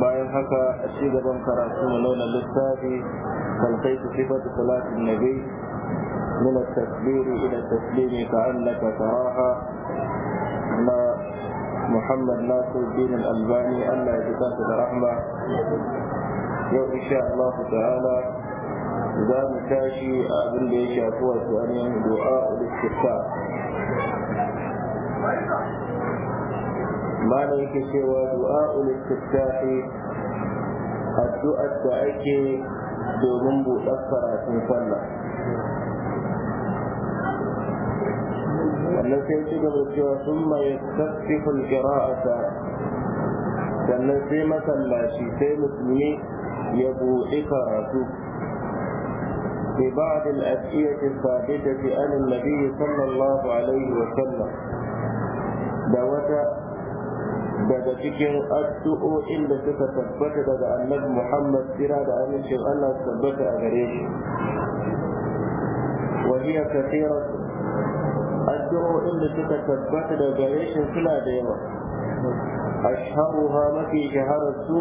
bayan haka a ci gaban karatu na launin littafi kalkai su sifatu salatin nabi من التكبير إلى التسليم كأنك تراها محمد ناصر الدين الألباني ألا يتكاس برحمة يوم إن شاء الله تعالى إذا مكاشي أبن ليش أفوة أن دعاء الاستفتاء ما نيك سوى دعاء الاستفتاح الدعاء الدعيك دومن بوتكرا تنفلا سنة سيتي قبل ثم يستفتح القراءة سنة سيمة لا شيء مسلمي يبو قراءته في بعض الأسئلة الثابتة عن النبي صلى الله عليه وسلم دوت daga cikin addu'o'in da suka tabbata daga annabi Muhammad sira da amincin Allah su tabbata a gare shi wa hiya kathira addu'o'in da suka tabbata daga gare shi suna da yawa ashharuha mafi shaharar su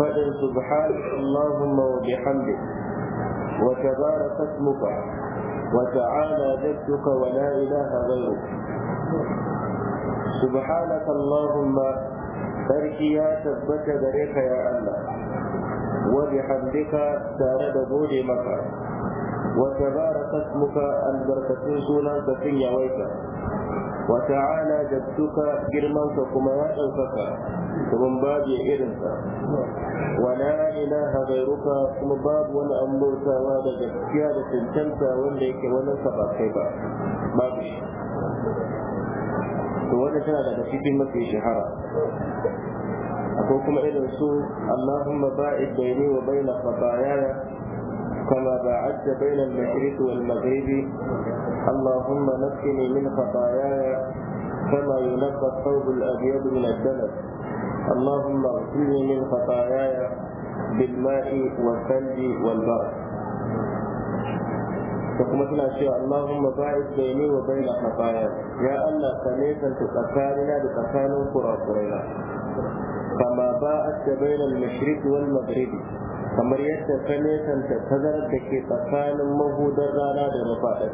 fadin subhana Allahumma wa bihamdi wa tabaraka ismuka wa ta'ala jadduka wa la ilaha ghayruk subhanaka allahumma sarki ya tabbata gare ka ya Allah wa bihamdika tare da gode maka wa tabaraka ismuka albarkatun sunan ka sun yawaita wa ta'ala jadduka girman ka kuma ya ɗaukaka domin babu ya irinsa wa la ilaha gairuka kuma babu wani an bautawa da gaskiya da cancanta wanda yake wani sabakai ba babu to wannan tana daga cikin mafi shahara akwai kuma irin su Allahumma ba'id baini wa baina khataayaya كما بعدت بين المشرق والمغرب اللهم نقني من خطاياي كما ينقى الثوب الابيض من الدنس اللهم اغسلني من خطاياي بالماء والثلج والبرد da kuma suna cewa Allahumma ba'id baini wa baina khataya ya Allah ka nesanta tsakanina da tsakanin kurakuraina kama ba'at da baina al-mashriq wal maghrib kamar yadda ka nesanta tazarar da ke tsakanin mahudar rana da mafaɗar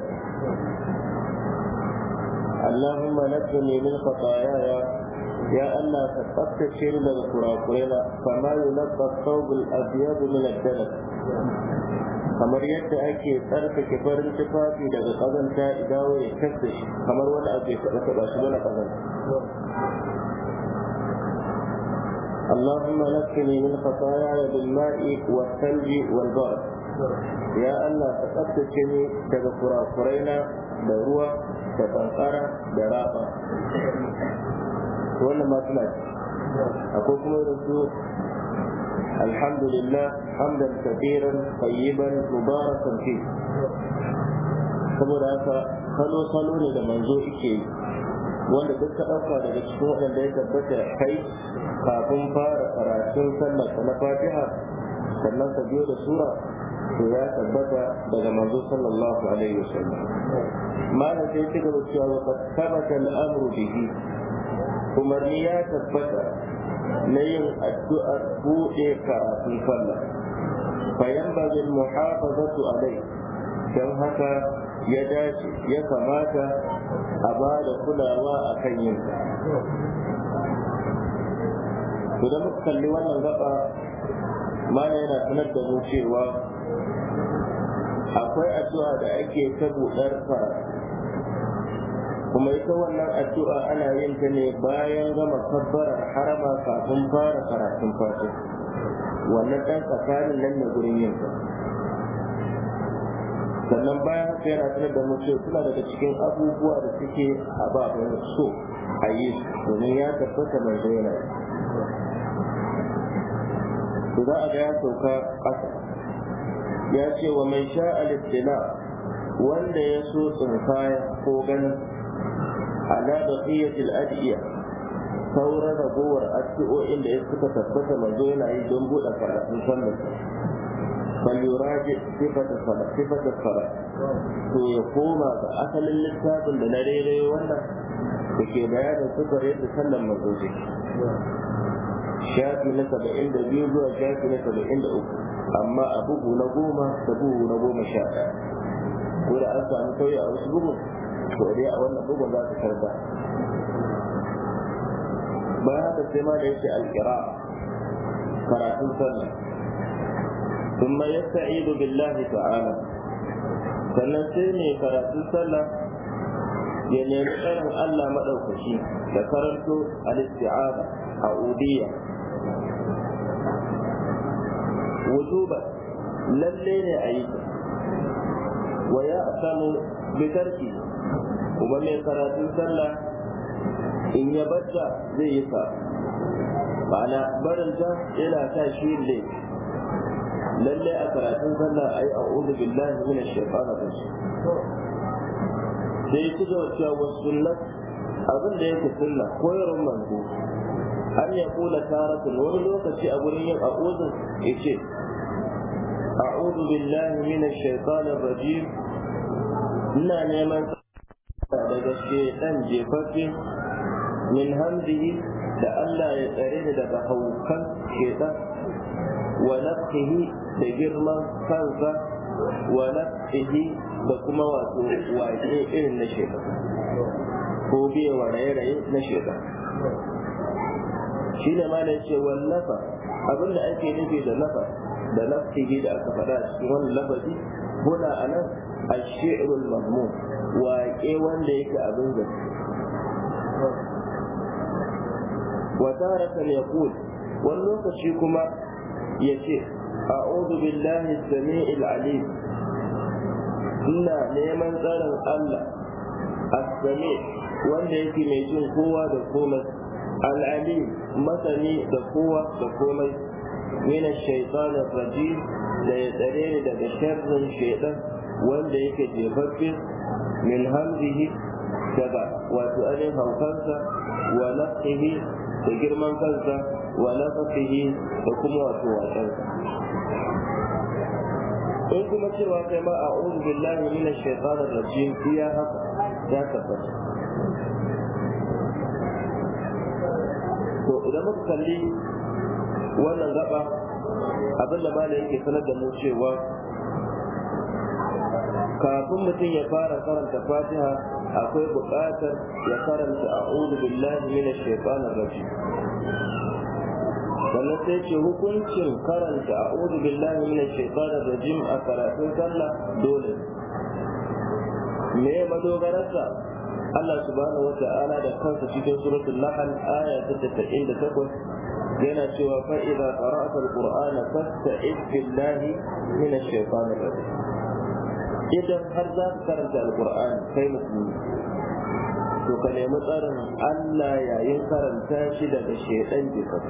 اللهم نجني من خطاياي يا الله فقدت شرب الكراكولا فما يلقى الثوب الابيض من الدنس kamar yadda ake tsarkake farin tufafi daga kazanta dawo ya kasa shi kamar abu ya faɗa taɓa shi mana kazanta اللهم نقني من خطاياي بالماء والثلج والبرد يا الله تقدسني daga kurakurena da ruwa da kankara da raba wannan ma akwai kuma irin الحمد لله حمدا كثيرا طيبا مباركا فيه saboda haka salo salo ne da manzo yake wanda duk ka ɗauka daga cikin waɗanda ya tabbata kai kafin fara karatun sallar na fatiha sannan ka biyo da sura to ya tabbata daga manzo sallallahu alaihi wasallam malam sai ya ci gaba cewa wa qad thabata amru bihi umarni ya tabbata na yin addu'ar buɗe karatun sallah fayan bazin muhafazatu alai don haka ya dace ya kamata a ba da kulawa akan kan yin to da muka kalli wannan gaba mana yana sanar da mu cewa akwai addu'a da ake ta buɗar karatu kuma ita wannan addu'a ana yin ta ne bayan gama kabbarar harama kafin fara karatun fatin, wannan ɗan tsakanin nan ne gurin yin ta sannan bayan haka yana tunar da mu suna daga cikin abubuwa da suke ababen so a yi domin ya tabbata mai zaina su za a ga ya sauka ƙasa ya ce wa mai sha alittila wanda ya so tsinkaya ko ganin ala baqiyatil adiya sauran ragowar addu'o'in da ya suka tabbata manzo yana yi don buɗe karatun sallar bal yuraji sifata salat sifata salat to ya koma ga asalin littafin da na rairayo wannan da ke bayanin sifar yadda sallar manzo shafi na saba'in da biyu zuwa shafi na saba'in da uku amma a bugu na goma da bugu na goma sha an sami sauyi a wasu bugun to dai a wannan bugun za ka karba bayan haka sai ma da yake alƙira karatun sallah ثم يستعيذ بالله تعالى sannan sai mai karatun sallah ya nemi tsarin Allah maɗaukaki da karanto al-isti'ada a ne a yi wa ya samu kuma mai karatun sallah in ya barta zai yi fa ma'ana barinta yana ta shi ne lalle a karatun sallah ai a'udhu billahi minash shaitanir rajim sai su ga cewa wasunnat abin da yake sunna koyarwar manzo an ya kula taratun wani lokaci a gurin yin a'udhu yace a'udhu billahi minash shaitanir rajim ina neman daga shedan jefafi, min hamdihi da Allah ya tsare ni daga haukan shedan wa nafsihi da girman kansa wa nafsihi da kuma wato waje irin na shedan ko biye wa raye-raye na shedan shi ne ma da ce wallafa abinda ake nufi da nafa da nafsihi da aka faɗa cikin wannan lafazi هنا أنا الشعر mahmud waƙe wanda yake abin zato wa ya yaqul wani lokaci kuma ya ce, yace a'udhu billahi da samiil alim ina neman tsarin Allah as-sami wanda yake mai jin kowa da komai al-alim masani da kowa da komai من الشيطان الرجيم لا يتريني دك شر شيطان ولا يكي جيفك min hamzihi daga wato ainihin haukansa wa nafsihi da girman kansa wa nafsihi da kuma wato wasansa in kuma cewa kai ma a uzu billahi min shaitanir rajim iya haka ya tabbata to idan muka kalli wannan gaba abin da malai yake sanar da mu kafin mutum ya fara karanta fatiha akwai buƙatar ya karanta a'udhu billahi mina shaitanir rajim sannan sai ce hukuncin karanta a a'udhu billahi mina shaitanir rajim a karatun sallah dole me madogararsa Allah subhanahu wata'ala da kansa cikin suratul lahal aya ta takwas, yana cewa fa idza qara'ta al-qur'ana fasta'id billahi mina shaitanir rajim idan har za ka karanta alkur'ani kai musulmi to ka nemi tsarin Allah yayin karanta shi daga shedan jikin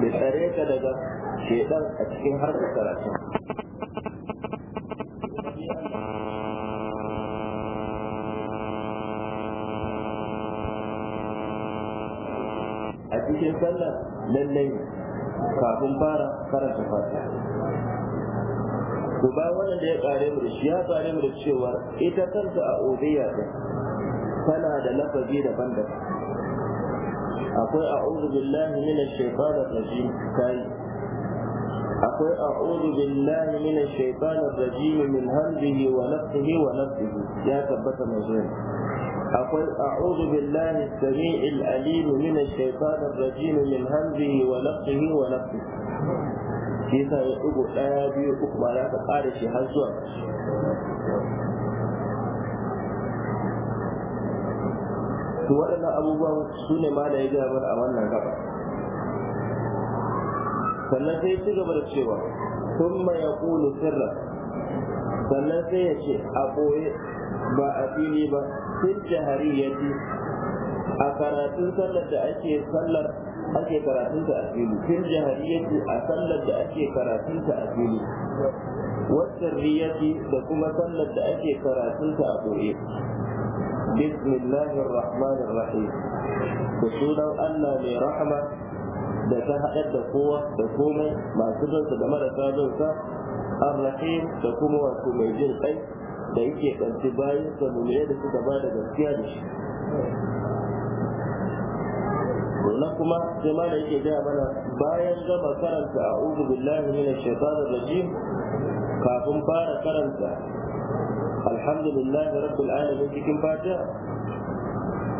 da tsare ka daga shedan a cikin harkar karatun a cikin sallah lallai kafin fara karanta fatiha to bayan wannan da ya kare mu da shi ya kare mu da cewa ita kanta a ubiya ta. tana da lafazi daban-daban akwai a'udhu billahi minash shaitanir rajim kai akwai a'udhu billahi minash shaitanir rajim min hamdihi wa nafsihi wa nafsihi ya tabbata mazun akwai a'udhu billahi as-sami'il alim minash shaitanir rajim min hamdihi wa nafsihi wa nafsihi shi yasa ya ɗigo ɗaya biyu uku ba za ka ƙara shi har zuwa to waɗannan abubuwan su ne ma da ya gaya mana a wannan gaba sannan sai ci gaba da cewa sun ya kulu sirra sannan sai ya ce a ɓoye ba a fili ba sun jahariyati a karatun sallar da ake sallar ake karatun ta a fili fil jahariyati a sallar da ake karatun ta a fili da kuma sallar da ake karatun ta a boye bismillahir rahmanir rahim da sunan Allah mai rahama da ta haɗar da kowa da komai masu ransa da marasa ransa da kuma wasu mai jin kai da yake ɗanci bayan sa da suka ba da gaskiya da shi sannan kuma sai ma da yake gaya mana bayan gama karanta a'udhu billahi minash shaitanir rajim kafin fara karanta alhamdulillahi rabbil alamin cikin fatiha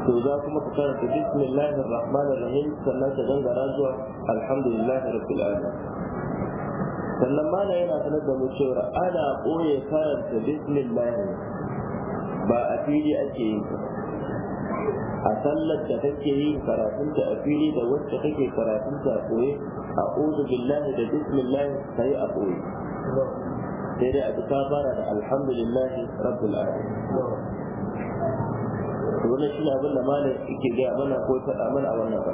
to za kuma ka karanta bismillahir rahmanir rahim sannan ka gangara zuwa alhamdulillahi rabbil alamin sannan mana yana sanar da mu cewa ana ɓoye karanta bismillah ba a fili ake yin ta a sallar da kake yi karatunta a fili da wacce kake ta a koye a uzu billahi da bismillahi ka yi a koyi. sai dai a ji ka fara da alhamdulillahi rabbul alamin to wannan shi abin da malam yake gaya mana ko faɗa mana a wannan ba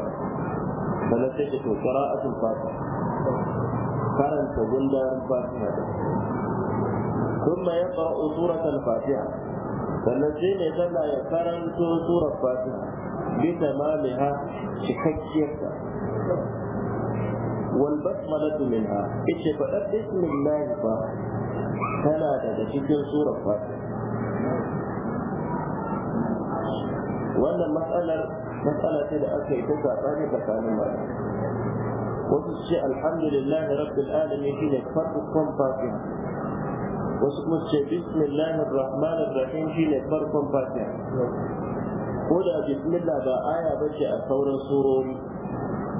sannan sai ta to qira'atul fatiha karanta gundarin fatiha ثم يقرأ سورة الفاتحة sannan sai mai sallah ya karanto surar fatiha bisa mamiha cikakkiyarta wal basmalatu minha ice faɗar bismillah fa tana daga cikin surar fatiha wannan matsalar matsala ce da aka yi ta zaɓani tsakanin mata wasu ce alhamdulillah rabbil alamin shine farkon fatiha wasu kuma ce bismillahir rahmanir rahim shine farkon fatiha ko da bismillah ba aya bace a sauran surori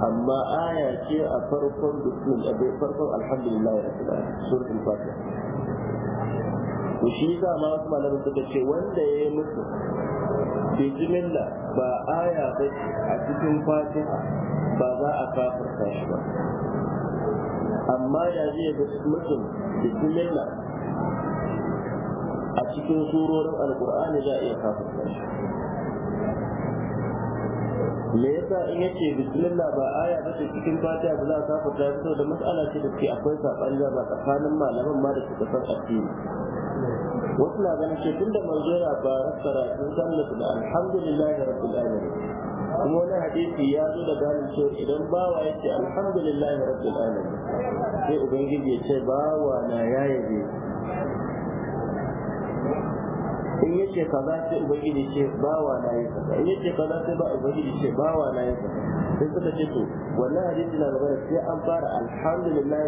amma aya ce a farkon bismillah bai farkon alhamdulillah rabbil alamin suratul fatiha to shi yasa ma wasu malamin suka ce wanda ya yi musu bismillah ba aya bace a cikin fatiha ba za a kafirta shi ba amma da zai bi mutum bismillah a cikin surorin alkur'ani za a iya kafa shi me yasa in yake bismillah ba aya ba ce cikin fatiha ba za a ta shi da mas'ala ce da ke akwai saɓani ba tsakanin malaman ma da suka san addini wasu na ganin ce da manzo yana ba karatun sallah da alhamdulillah rabbil alamin kuma wani hadisi ya zo da ganin ce idan bawa ya ce alhamdulillah rabbil alamin sai ubangiji ya ce bawa na yaye in yace kaza sai ubangiji ce wa na yi kaza in yace kaza sai ba ubangiji ce wa na yi kaza sai suka ce to wannan hadisi na magana sai an fara alhamdulillah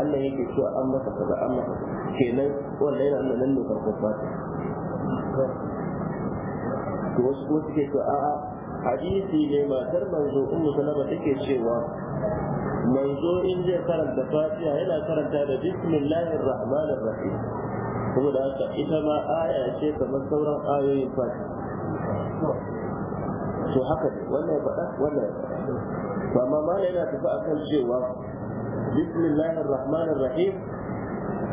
Allah yake cewa an masa kaza an masa kenan wannan yana nuna nan ne farkon fata to wasu ko suke to a hadisi ne matar manzo ummu salama take cewa manzo in zai karanta fatiha yana karanta da bismillahir rahmanir rahim saboda haka ita ma aya ce kamar sauran ayoyin fati to haka ne wannan ya faɗa wannan ya faɗa amma ma yana tafi akan cewa bismillahir rahmanir rahim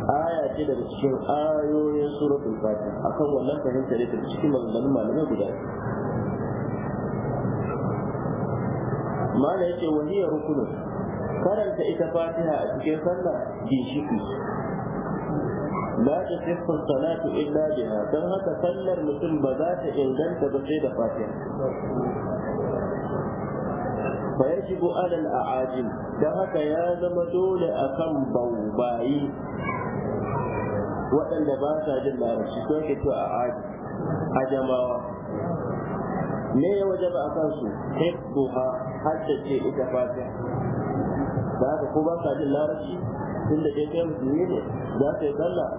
aya ce daga cikin ayoyin suratul Fati, akan wannan fahimta ne daga cikin maganganun malamai guda mana wani ya rukunin karanta ita fatiha a cikin sallah ginshiki la ta sihhu salatu illa biha dan haka sallar mutum ba za ta inganta ba sai da fatiha fa yajibu ala al-a'ajil dan haka ya zama dole akan baubayi waɗanda ba sa jin larabci ko ke to a'ajil ajamawa me ya wajaba akan su hibbuha har ta ce ita fatiha da haka ko ba sa jin larabci tun da dai musulmi ne za ta yi sallah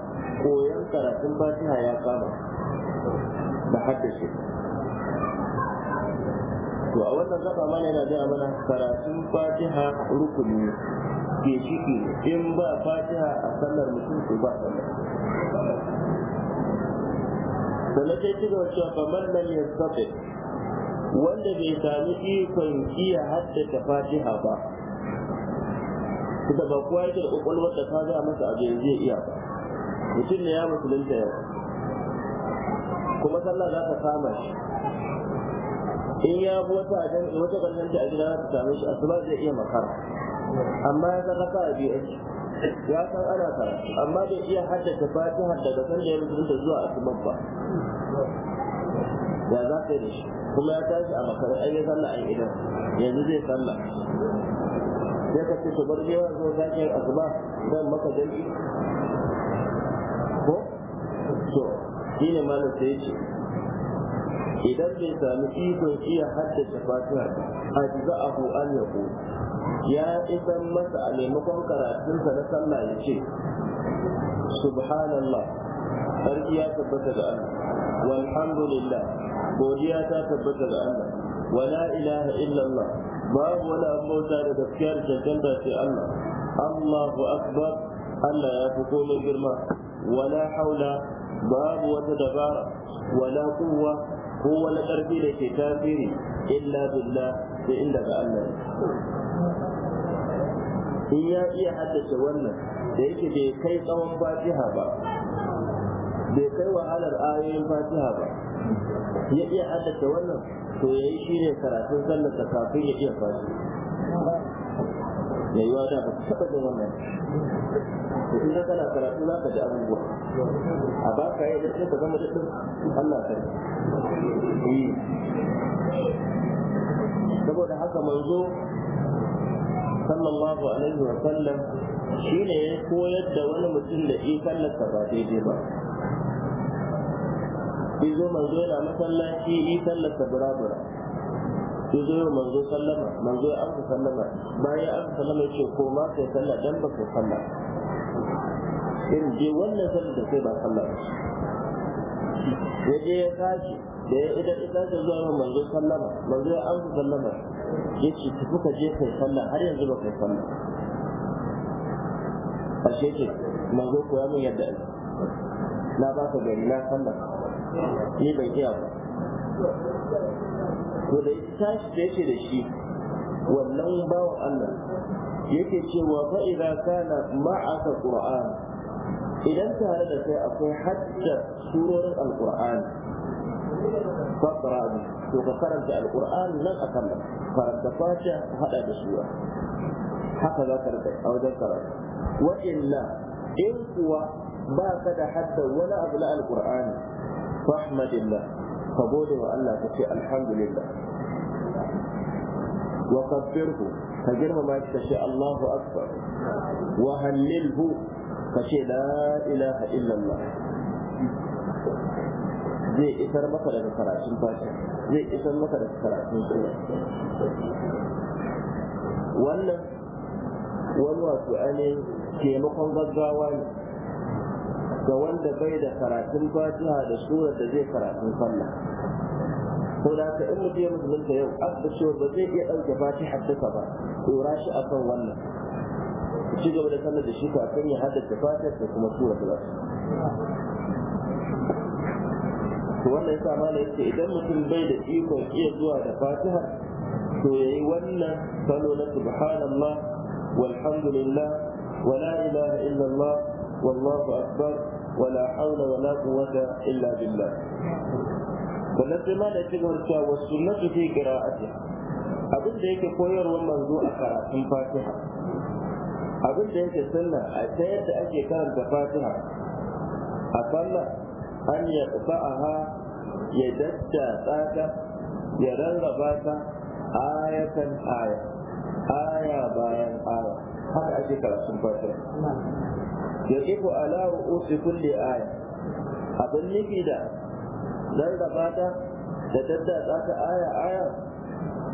koyon karatun fatiha ya kama da shi. to a wannan zafa mana yana gaya mana karatun fatiha rukuni ke shiki in ba fatiha a sallar mutum ko ba sallar sannan sai ci gaba cewa kamar nan ya wanda bai sami ikon iya haddata fatiha ba kuma ba kowa yake da kwakwalwar da ta gaya masa abu yanzu zai iya ba mutum ne ya musulunta yau kuma sallah za ta kama shi in ya bi wata wata ganin a gida za ta same shi asuba zai iya makara amma ya san raka a biyu ya san ana kara amma bai iya haddace fatiha daga da ya musulunta zuwa asuba ba ya za ka yi da shi kuma ya tashi a makarar ayyukan yi yanzu zai sallah sai ka ce to bar je wa zo zaki asuba dan maka dai ko to shine malam sai yace idan bai sami ikon iya haddace fatiha a jiza'ahu an yaqu ya isan masa a maimakon karatunsa na sallah ya ce subhanallah sarki ya tabbata ga Allah walhamdulillah godiya ta tabbata ga Allah wala ilaha illallah babu wani abu bauta da gaskiya da cancanta sai Allah Allahu akbar Allah ya fi komai girma wala haula babu wata dabara wala kuwa ko wani ƙarfi da ke tasiri illa billah da inda ga Allah in ya iya haddace wannan da yake bai kai tsawon fatiha ba bai kai wahalar ayoyin fatiha ba ya iya haddace wannan to ya yi ne karatun sallar da kafin ya iya fashi mai yiwa da ba ku da wannan to inda kana karatu za ka ji abubuwa a ba ka yi shi ka zama shi, Allah ka yi saboda haka manzo sallallahu alaihi wa sallam ne ya koyar da wani mutum da ikon lasa ba daidai ba sai zo manzo yana masallaci yi sallarsa burabura sai zo yau manzo sallama manzo ya amsa sallama bayan amsa sallama ya ce ko ma sai salla dan ba sai salla irin je wannan sallar da sai ba sallah ya je ya tashi da ya idan ita ta zuwa yau manzo sallama manzo ya amsa sallama ya ce tafi ka je kai salla har yanzu ba kai salla ashe ce manzo ya min yadda na ba ka gari na sallar. ni ban iya ba to da ita shi da yake da shi wannan bawan Allah yake cewa fa idza kana ma'aka qur'an idan tare da kai akwai hajja surorin alqur'an faqra bi to ka karanta alqur'an nan akan karanta fatiha hada da sura haka za ka rika a wajen karatu wa illa in kuwa ba ka da hadda wani abu na alqur'ani fahmadillah ka gode wa Allah ka ce alhamdulillah wa kabbirhu ka girmama shi ka ce Allahu akbar wa hallilhu ka ce la ilaha illallah zai isar maka daga karatun fata zai isar maka daga karatun sura wannan wani wato ainihin taimakon gaggawa ne ga wanda bai da karatun fatiha da surar da zai karatun sallah ko da ka in mutum ya musulunta yau abda cewa ba zai iya ɗauke fatiha duka ba dora shi akan wannan ci gaba da sallar da shi kafin ya haddace fatiha da kuma surar da to wannan yasa mana yace idan mutum bai da ikon iya zuwa da fatiha to yayi wannan salo na subhanallah walhamdulillah wala ilaha illallah wallahu akbar ولا حول ولا قوة إلا بالله فنسمى نتيجة والسنة في قراءتها abin da yake koyarwar manzo a karatun fatiha abin da yake sunna a ta yadda ake karanta fatiha a falla an ya ba'aha ya dadda tsaka ya rarraba ta ayatan aya aya bayan aya haka ake karatun fatiha yaqifu ala ru'usi kulli aya abin nufi da rarraba ta da daddatsa ta aya aya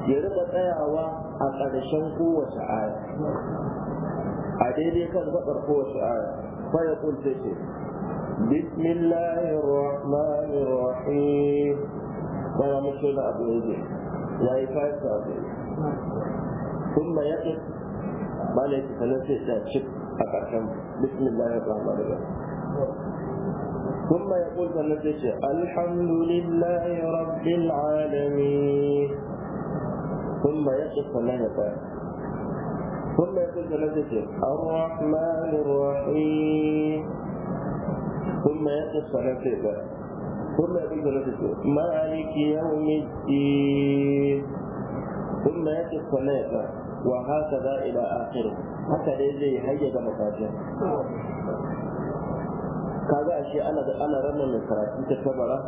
ya riba tsayawa a ƙarshen kowace aya a daidai kan gaɓar kowace aya fa ya kulce ce بسم الله الرحمن الرحيم فلا مشكلة أبو إيدي لا يفايت أبو ثم يقف ما ليس ta تأشك أتعشم بسم الله الرحمن الرحيم ثم يقول فلنتشع الحمد لله رب العالمين ثم يقول فلنتشع ثم يقول فلنتشع الرحمن الرحيم ثم يقول فلنتشع ثم يقول فلنتشع مالك يوم الدين ثم يقول فلنتشع wa haka za ila akhir haka dai zai hayya kaga ashe ana da ana ranar mai karatu ta tabara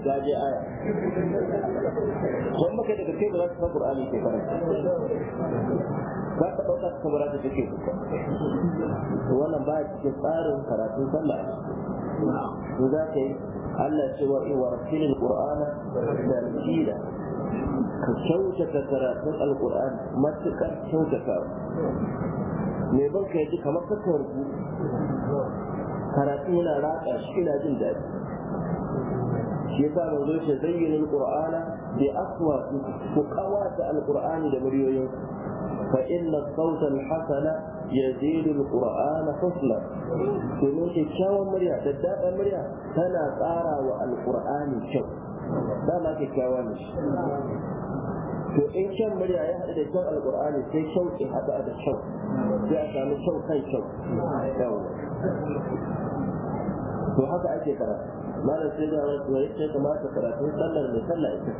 ta je aya don maka daga kai ba za su san qur'ani ke karanta ta tabara ta take wannan ba cikin tsarin karatu sallah to za ka yi Allah ce cewa iwartil alqur'ana tartila ka kyautata karatun alqur'ani matukar ka me ban ka yaji kamar ka karatu karatun yana raka shi ina jin daɗi shi yasa zo ce zayyana alqur'ana bi aqwa ku qawata alqur'ani da muryoyin fa inna sawta alhasana يزيد القرآن حسنا سنوك الشاوى المريا تداب المريا تنا تارى والقرآن الشاوى دعنا الشاوى المريا فإن شاوى المريا يحدد الشاوى القرآن في شاوى حتى أدى الشاوى بيأتى من شاوى خي شاوى شاوى وحتى أجي ترى ما نسيجا رسول الله كما تقرأ في صلى الله عليه وسلم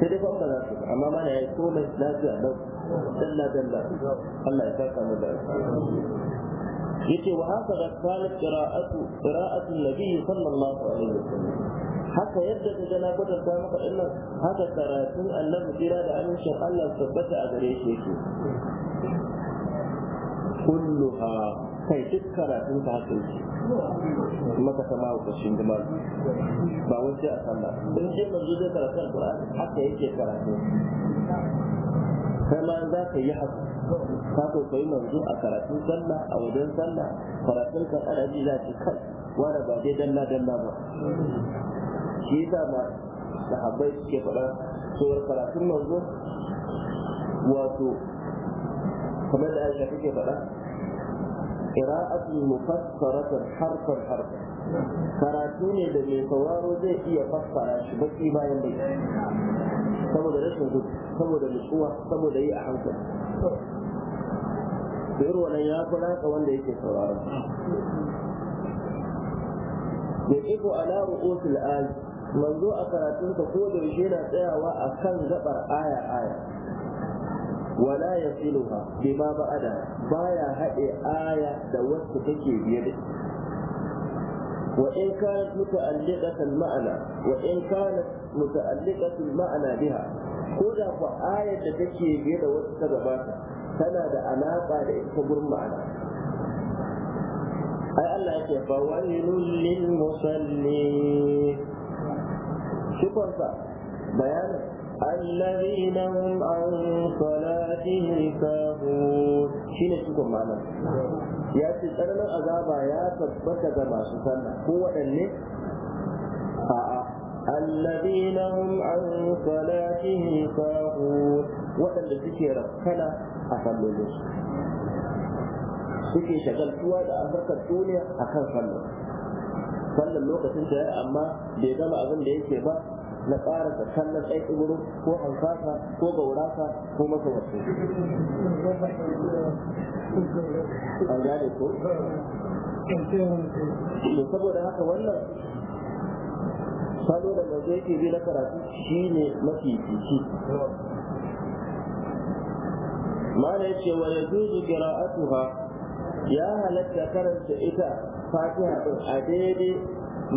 سيدي فأنا ناسك أما ما نعيكم ناسك Allah ya saka mu da yace wa haka da kanat qira'atu qira'atu nabi sallallahu alaihi wasallam haka yadda ta gana kwatanta maka dinnan haka karatun annabi jira da amincin Allah tabbata a gare shi yake kulluha kai duk karatun ka haka yake maka sama ka shin da mal ba wace a sallah in je manzo zai karatu alqur'ani haka yake karatun. kai ma za ka yi haka ka koyi manzo a karatun sallah a wajen sallah karatun ka ana ji za ki kai wanda ba dai dalla dalla ba shi yasa ma sahabbai suke faɗa cewar karatun manzo wato kamar da aisha take faɗa qira'atun mufassaratun harfan harfan karatu ne da mai sauraro zai iya fassara shi baki bayan baki saboda rashin gudu. saboda nutsuwa saboda yi a hankali da irin wannan ya kula ka wanda yake sauraro da iko ala ru'usul al manzo a karatun ka ko da yaushe na tsayawa a kan gabar aya aya wala yasiluha bima ba'ada baya haɗe aya da wasu take biye da kanat muta'alliqatan ma'ana wa in kanat muta'alliqatan ma'ana biha ko da ku ayar da take biye da wasu ta gabata tana da alaƙa da ita gurin ma'ana ai Allah ya ce fa wailul lil musalli shi kwanta bayan alladhina hum an salatihim sahun shine shi kuma ma'ana ya ce tsaranin azaba ya tabbata ga masu sallah ko waɗanne الذين هم عن صلاتهم ساهون waɗanda suke rakkana a sallolinsu suke shagaltuwa da albarkar duniya a kan sallar sallar lokacin da amma bai gama abin da yake ba na ƙara da kallon aiki tsibiri ko hankasa ko gaurasa ko masa an gane ko saboda haka wannan salo da mai zai bi na karatu shine mafi fici mana yace wa yajuzu qira'atuha ya halatta karanta ita fatiha haɗin a daidai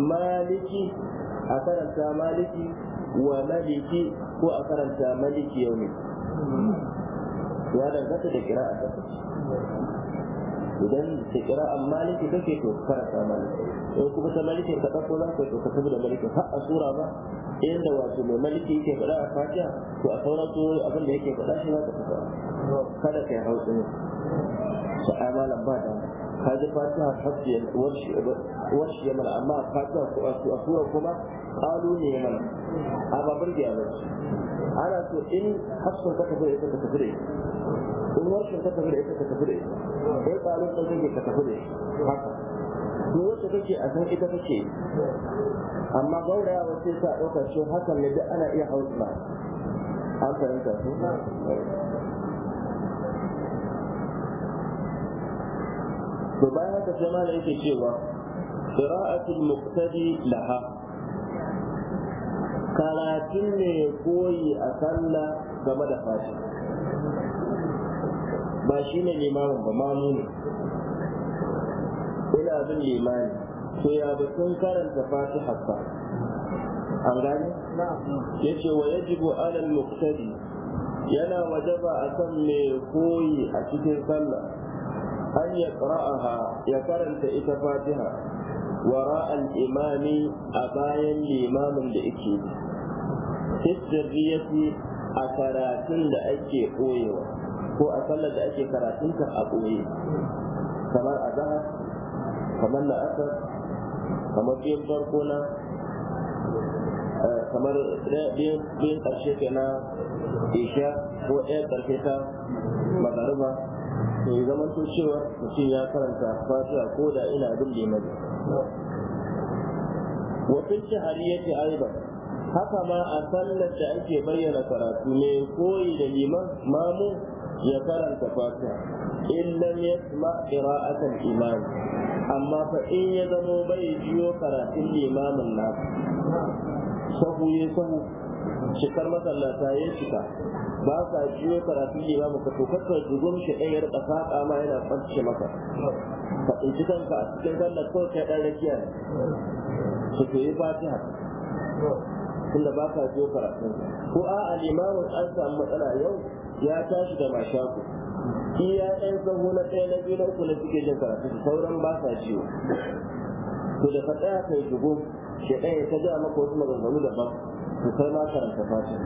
maliki a karanta maliki wa maliki ko a karanta maliki yau ne ya danganta da a ta idan ta kira an maliki take to karanta maliki sai kuma ta maliki ta ɗauko za ta to tafi da maliki har a sura ba inda wato mai maliki yake faɗa a fatiha to a sauran su abin da yake faɗa shi za ka fita kada ka yi hausa ne sa'ai malam ba da kaji fatiha hajjiyar ya mana amma fatiha a sura kuma ƙalu ne yamala a babar gyara ana so in hafsun ka ta da ita ka ta da in wancan ka tafi da ita ta tafi da ita sai tsarin ka ta tafi da ita haka ne wacce kake a san ita kake amma gauraya ba sai sa ɗauka shi hakan ne duk ana iya hausa an karanta su to bayan haka sai mana yake cewa qira'atul muqtadi laha karatun ne koyi a sallah game da fashin. ba shi ne limamin ba mamu ne ina bin limani to ya sun karanta fatiha ba an gani ya ce wa yajibu alal muqtadi yana wajaba akan mai koyi a cikin sallah an ya ya karanta ita fatiha wara imami a bayan limamin da ake yi. Fisirriyati a karatun da ake koyewa. ko a sallar da ake karatun ka a ɓoye kamar azhar kamar la'asar kamar biyan farko na eh, kamar biyan ƙarshe ke na isha ko ɗaya ƙarshe ta magariba to ya zama to cewa mutum ya karanta fatiha ko da ina bin limani wa fi shahariyati aidan haka ma a sallar da ake bayyana karatu ne koyi da liman mamu ya karanta fatiha in lam yasma al imam amma fa in ya zamo bai jiyo karatun limamin na. sahu ya sahu shekar masallata ya cika ba sa jiyo karatun limamin ka to kakka dugun shi ɗaya da faɗa ma yana tsabtace maka ka tsinci kanka a cikin sallar kawai kai ɗan rakiya ne su yi fatiha tunda ba ka biyo karatu. ko a al'imamin an samu matsala yau ya tashi da mashaku Ya ɗan sahu na ɗaya na biyu na uku na suke jin karatu sauran ba sa ciwo to da ka tsaya kai shigo shi ɗaya ta ja maka wasu maganganu ba, to kai ma karanta fatin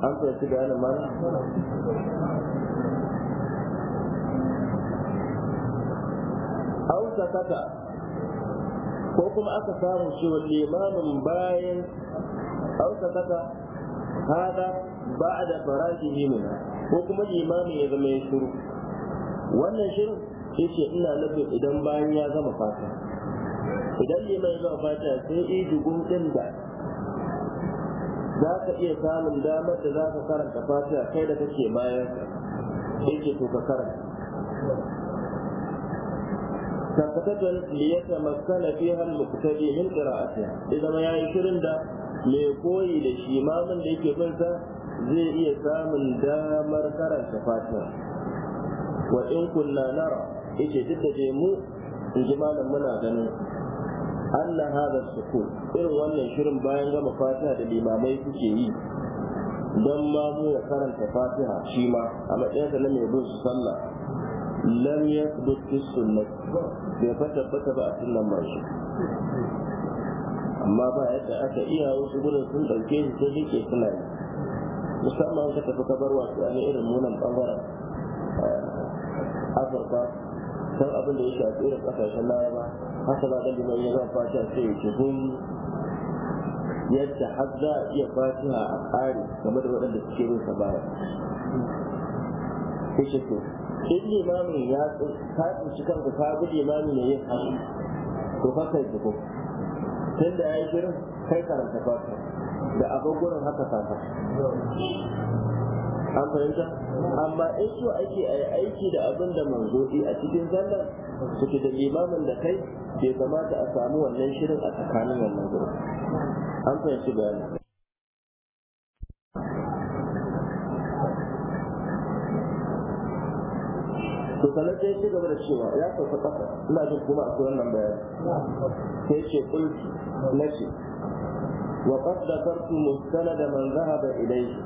an fahimci bayanin ma. an sakata ko kuma aka samu cewa limamin bayan aw sakata hada da farajihi ne, ko kuma Limamin ya zama ya shiru wannan shirin? yace ina nufin idan bayan ya gama fata idan liman ya gama fata sai ijugun ɗin da za ka iya samun damar da za ka karanta fatiha kai da kake bayan yake to ka karanta tabbatatan li yatamakkana fiha al-muqtadi min qira'atiha idan ma yayi shirin da mai koyi da shi mamun da yake binsa zai iya samun damar karanta fatiha wa in kunna nara yake duk da mu in ji malam muna ganin anna hada sukun irin wannan shirin bayan gama fatiha da limamai suke yi don ma mu ya karanta fatiha shi ma a matsayinsa na mai bin su sallah lam yasbut fi sunnah bai fata fata ba a sunnan manzo amma ba yadda aka iya wasu gudun sun ɗauke shi sai rike suna yi musamman ka tafi kabar wasu ne irin munan ɓangaren eh, afirka san abin da ya shafi irin ƙasashen ba haka ba galibi mai yawan fata sai ya ce hun yadda har za a iya fatiha a tsari game da waɗanda suke yin sa baya ce to in limamin ya shi kanka ka gudu limamin ya yi hannu Ko ka kai ko Tunda da ya yi shirin, kai karanta fata da abin haka fata an fahimta amma in so ake a aiki da abin da manzoɗi a cikin sallar suke da limamin da kai bai kamata a samu wannan shirin a tsakanin wannan gurin an fahimci bayani to sanar sai ci gaba da cewa ya sauka kasa ina jin kuma a nan bayani sai ce kulki na ce wa kartu mustana da man dhahaba ilayhi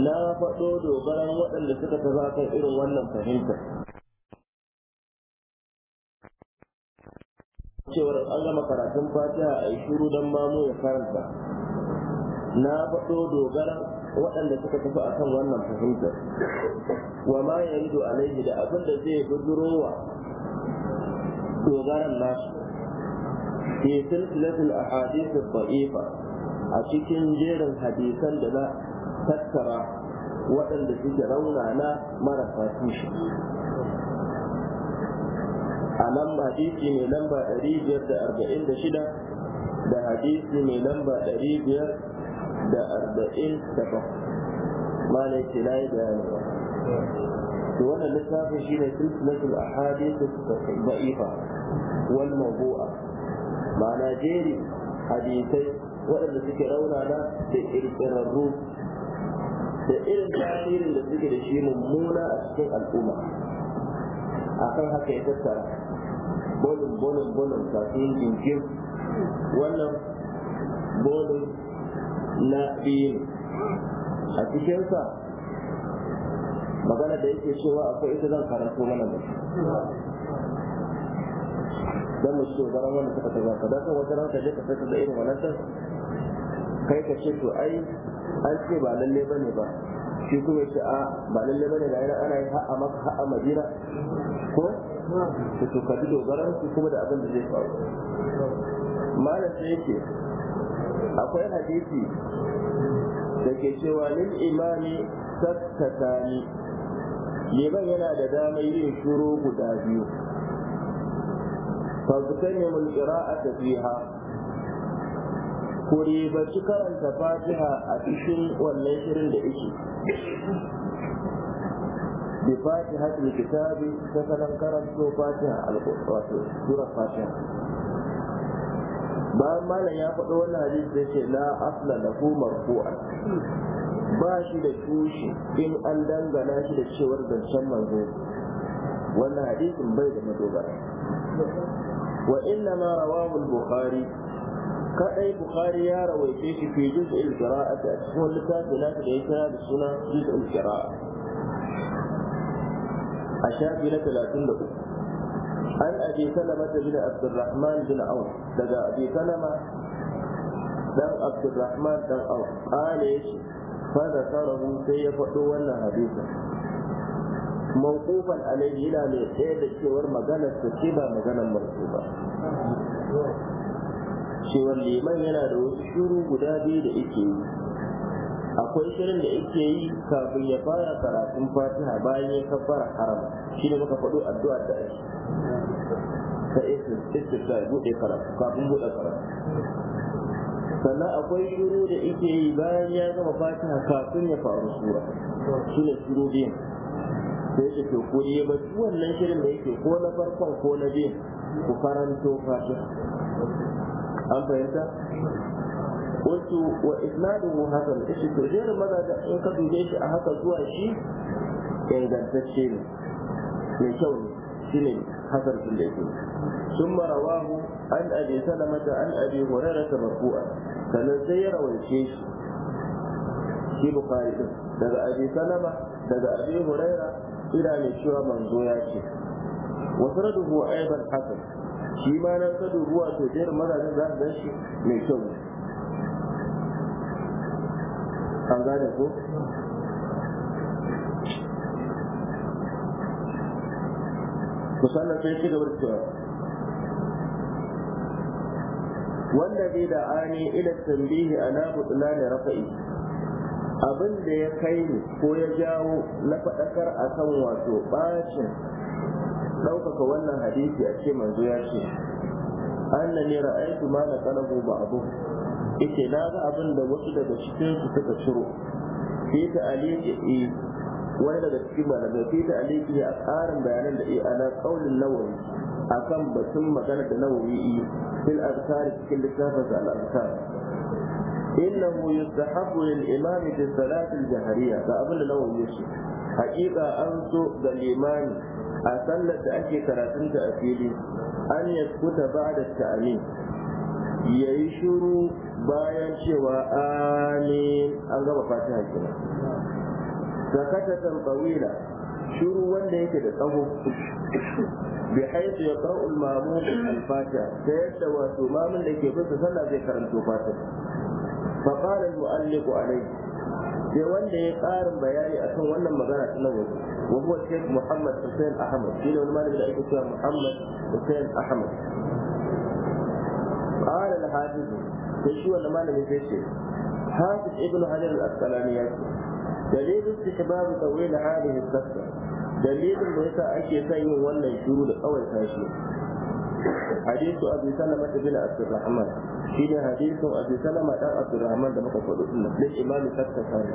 na faɗo dogaran waɗanda suka ta kan irin wannan fahimta cewar an gama karatun fatiha a yi shuru don mamu ya karanta na faɗo dogaran waɗanda suka tafi a kan wannan fahimtar wa ma ya yi alaihi da abin da zai wa dogaran nasu ke silsilatul a hadisun ba'ifa a cikin jerin hadisan da na tattara waɗanda suke raunana marasa shi. a nan hadisi mai lamba 546 da hadisi mai lamba 500 da arba'in da bakwai mana ce na yi bayani ba to wannan littafin shi ne silsilatul ahadith da'ifa wal mawdu'a ma'ana jeri hadisai waɗanda suke raunana da ƙirƙirarru da irin tasirin da suke da shi mummuna a cikin al'umma A kan haka ya tattara bolin bolin bolin kafin jinkin wannan bolin na biyu a cikinsa magana da yake cewa akwai ita zan karanto mana da dan mu so garan wanda suka taga ka da wata ran ka je ka saka da irin wannan kai ka ce to ai an ce ba lalle bane ba shi kuma ce a ah, ba lalle bane ga ana yi ha'a maka ha'a madina ko to ka bi dogaran su kuma da abin da zai faru malam sai yake akwai hadisi da ke cewa lil imani sattatani liman yana da damar yin shuru guda biyu a tafiya. Ku kuribaci karanta fatiha a cikin wannan shirin da ike bi fatiha kitabi ta kanan karanto fatiha alƙur'ani wato sura fatiha bayan malam ya faɗo wannan hadisi da ce la asla lahu marfu'a ba shi da tushe in an dangana shi da cewar zancen manzo wannan hadisin bai da madogara wa inna ma rawahu al-bukhari kadai bukhari ya rawaice shi fi juz'il qira'ati a cikin littafin da ya kira da suna juz'il qira'a a shafi na 33 an abi salama bin abdurrahman bin auf daga abi salama dan abdurrahman dan auf ala yace fa zakarahu sai ya faɗo wannan hadisi mawqufan alayhi yana mai tsaye da cewar maganar ta ce ba maganar marfu ba cewar liman yana da wasu shiru guda biyu da yake yi akwai shirin da yake yi kafin ya fara karatun fatiha bayan ya kabbara haram shi ne muka faɗo addu'ar da ake ta buɗe karatu kafin buɗe karatu sannan akwai shiru da ike yi bayan ya gama a kafin ya faru sura shi ne shiru biyan sai ya ce ko ne ba wannan shirin da yake ko na farkon ko na biyan ku karanto fatiha an fahimta wasu wa haka da ishi ke jerin maza da in ka dube shi a haka zuwa shi ingantacce ne mai kyau ne shine hasar sun da yake sun marawahu an abi salamata an abi ta marfu'a sannan sai ya rawance shi shi bukari din daga abi salama daga abi horar ila ne cewa manzo ya ce wa saraduhu aidan hasar shi ma na sadu ruwa to jiyar mazajen za su shi mai kyau an gane ko to sallar sai ci gaba da cewa da ani ila ana ala butlan rafa'i abin da ya kai ni ko ya jawo na faɗakar akan wato bacin ɗaukaka wannan hadisi a ce manzo ya ce anna ne ra'aitu ma na ba abu Ita na ga abin da wasu daga cikin su suka ciro fi ta aliki eh, wani daga cikin malamai sai ta aliki a karin bayanan da ya ala kaulin nawawi akan batun magana da nawawi yi fil azkar cikin littafin al azkar innahu yustahabu lil imam fi salat al jahriyah ga abin da nawawi yace haƙiƙa an so ga limani a sallar da ake karatunta a fili an kuta ba da ta'amin ya yi shuru bayan cewa amin an gaba fatiha kenan sakatatan tawila shiru wanda yake da tsawo bi haythu yaqra'u al-ma'mum al-fatiha ta yadda wato mamun da ke bisa sallah zai karanto fatiha fa qala al-mu'alliq alayhi sai wanda ya karin bayani akan wannan magana ta nawa wa huwa Sheikh Muhammad Hussein Ahmad shi ne wani malami da ake cewa Muhammad Hussein Ahmad قال الحافظ sai shi wanda malamin sai ce Hafiz Ibn Hajar al-Asqalani ya ce dalilin su ka babu tsawo da halin sassa dalilin da yasa ake sa yin wannan shiru da kawai tashi hadisu abu salama ta bila abdurrahman shi ne hadisu abu salama ɗan abdurrahman da muka faɗo ɗin nan imamu sassa sani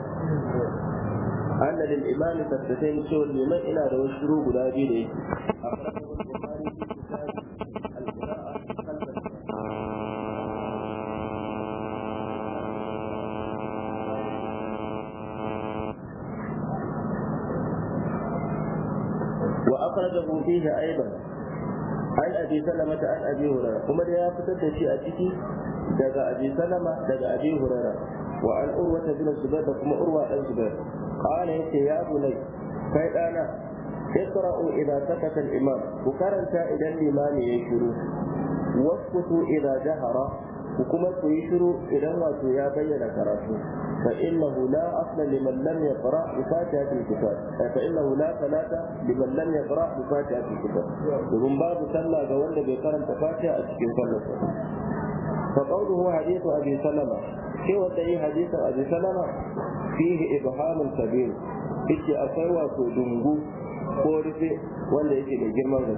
annalin imamu sassa sai ne cewa da wasu shuru guda biyu da yake a ƙarƙashin Wa akwai rabin kuke yi a salama ta al'adun wudar? Kuma dai ya fitar da shi a ciki daga abin salama daga al'adun wudar. Wa an urwa ta juna su daidai, kuma urwa ɗan su da yasi. ya ɗunai. Kai ɗa na. idan takasin iman. Ku karanta idan Limani ya shiru. Wasu ku su idan ku yi shiru idan wato ya bayyana karatu. فإنه لا أصل لمن لم يقرأ بفاتحة الكتاب فإنه لا صلاة لمن لم يقرأ بفاتحة الكتاب ومن بعد صلى جوال بيقرن تفاتحة أشكي صلى فقوله حديث أبي سلمة كيف تأي حديث أبي سلمة فيه إبهام كبير إذا أسوى دنجو كورفي ولا يجي لجرمان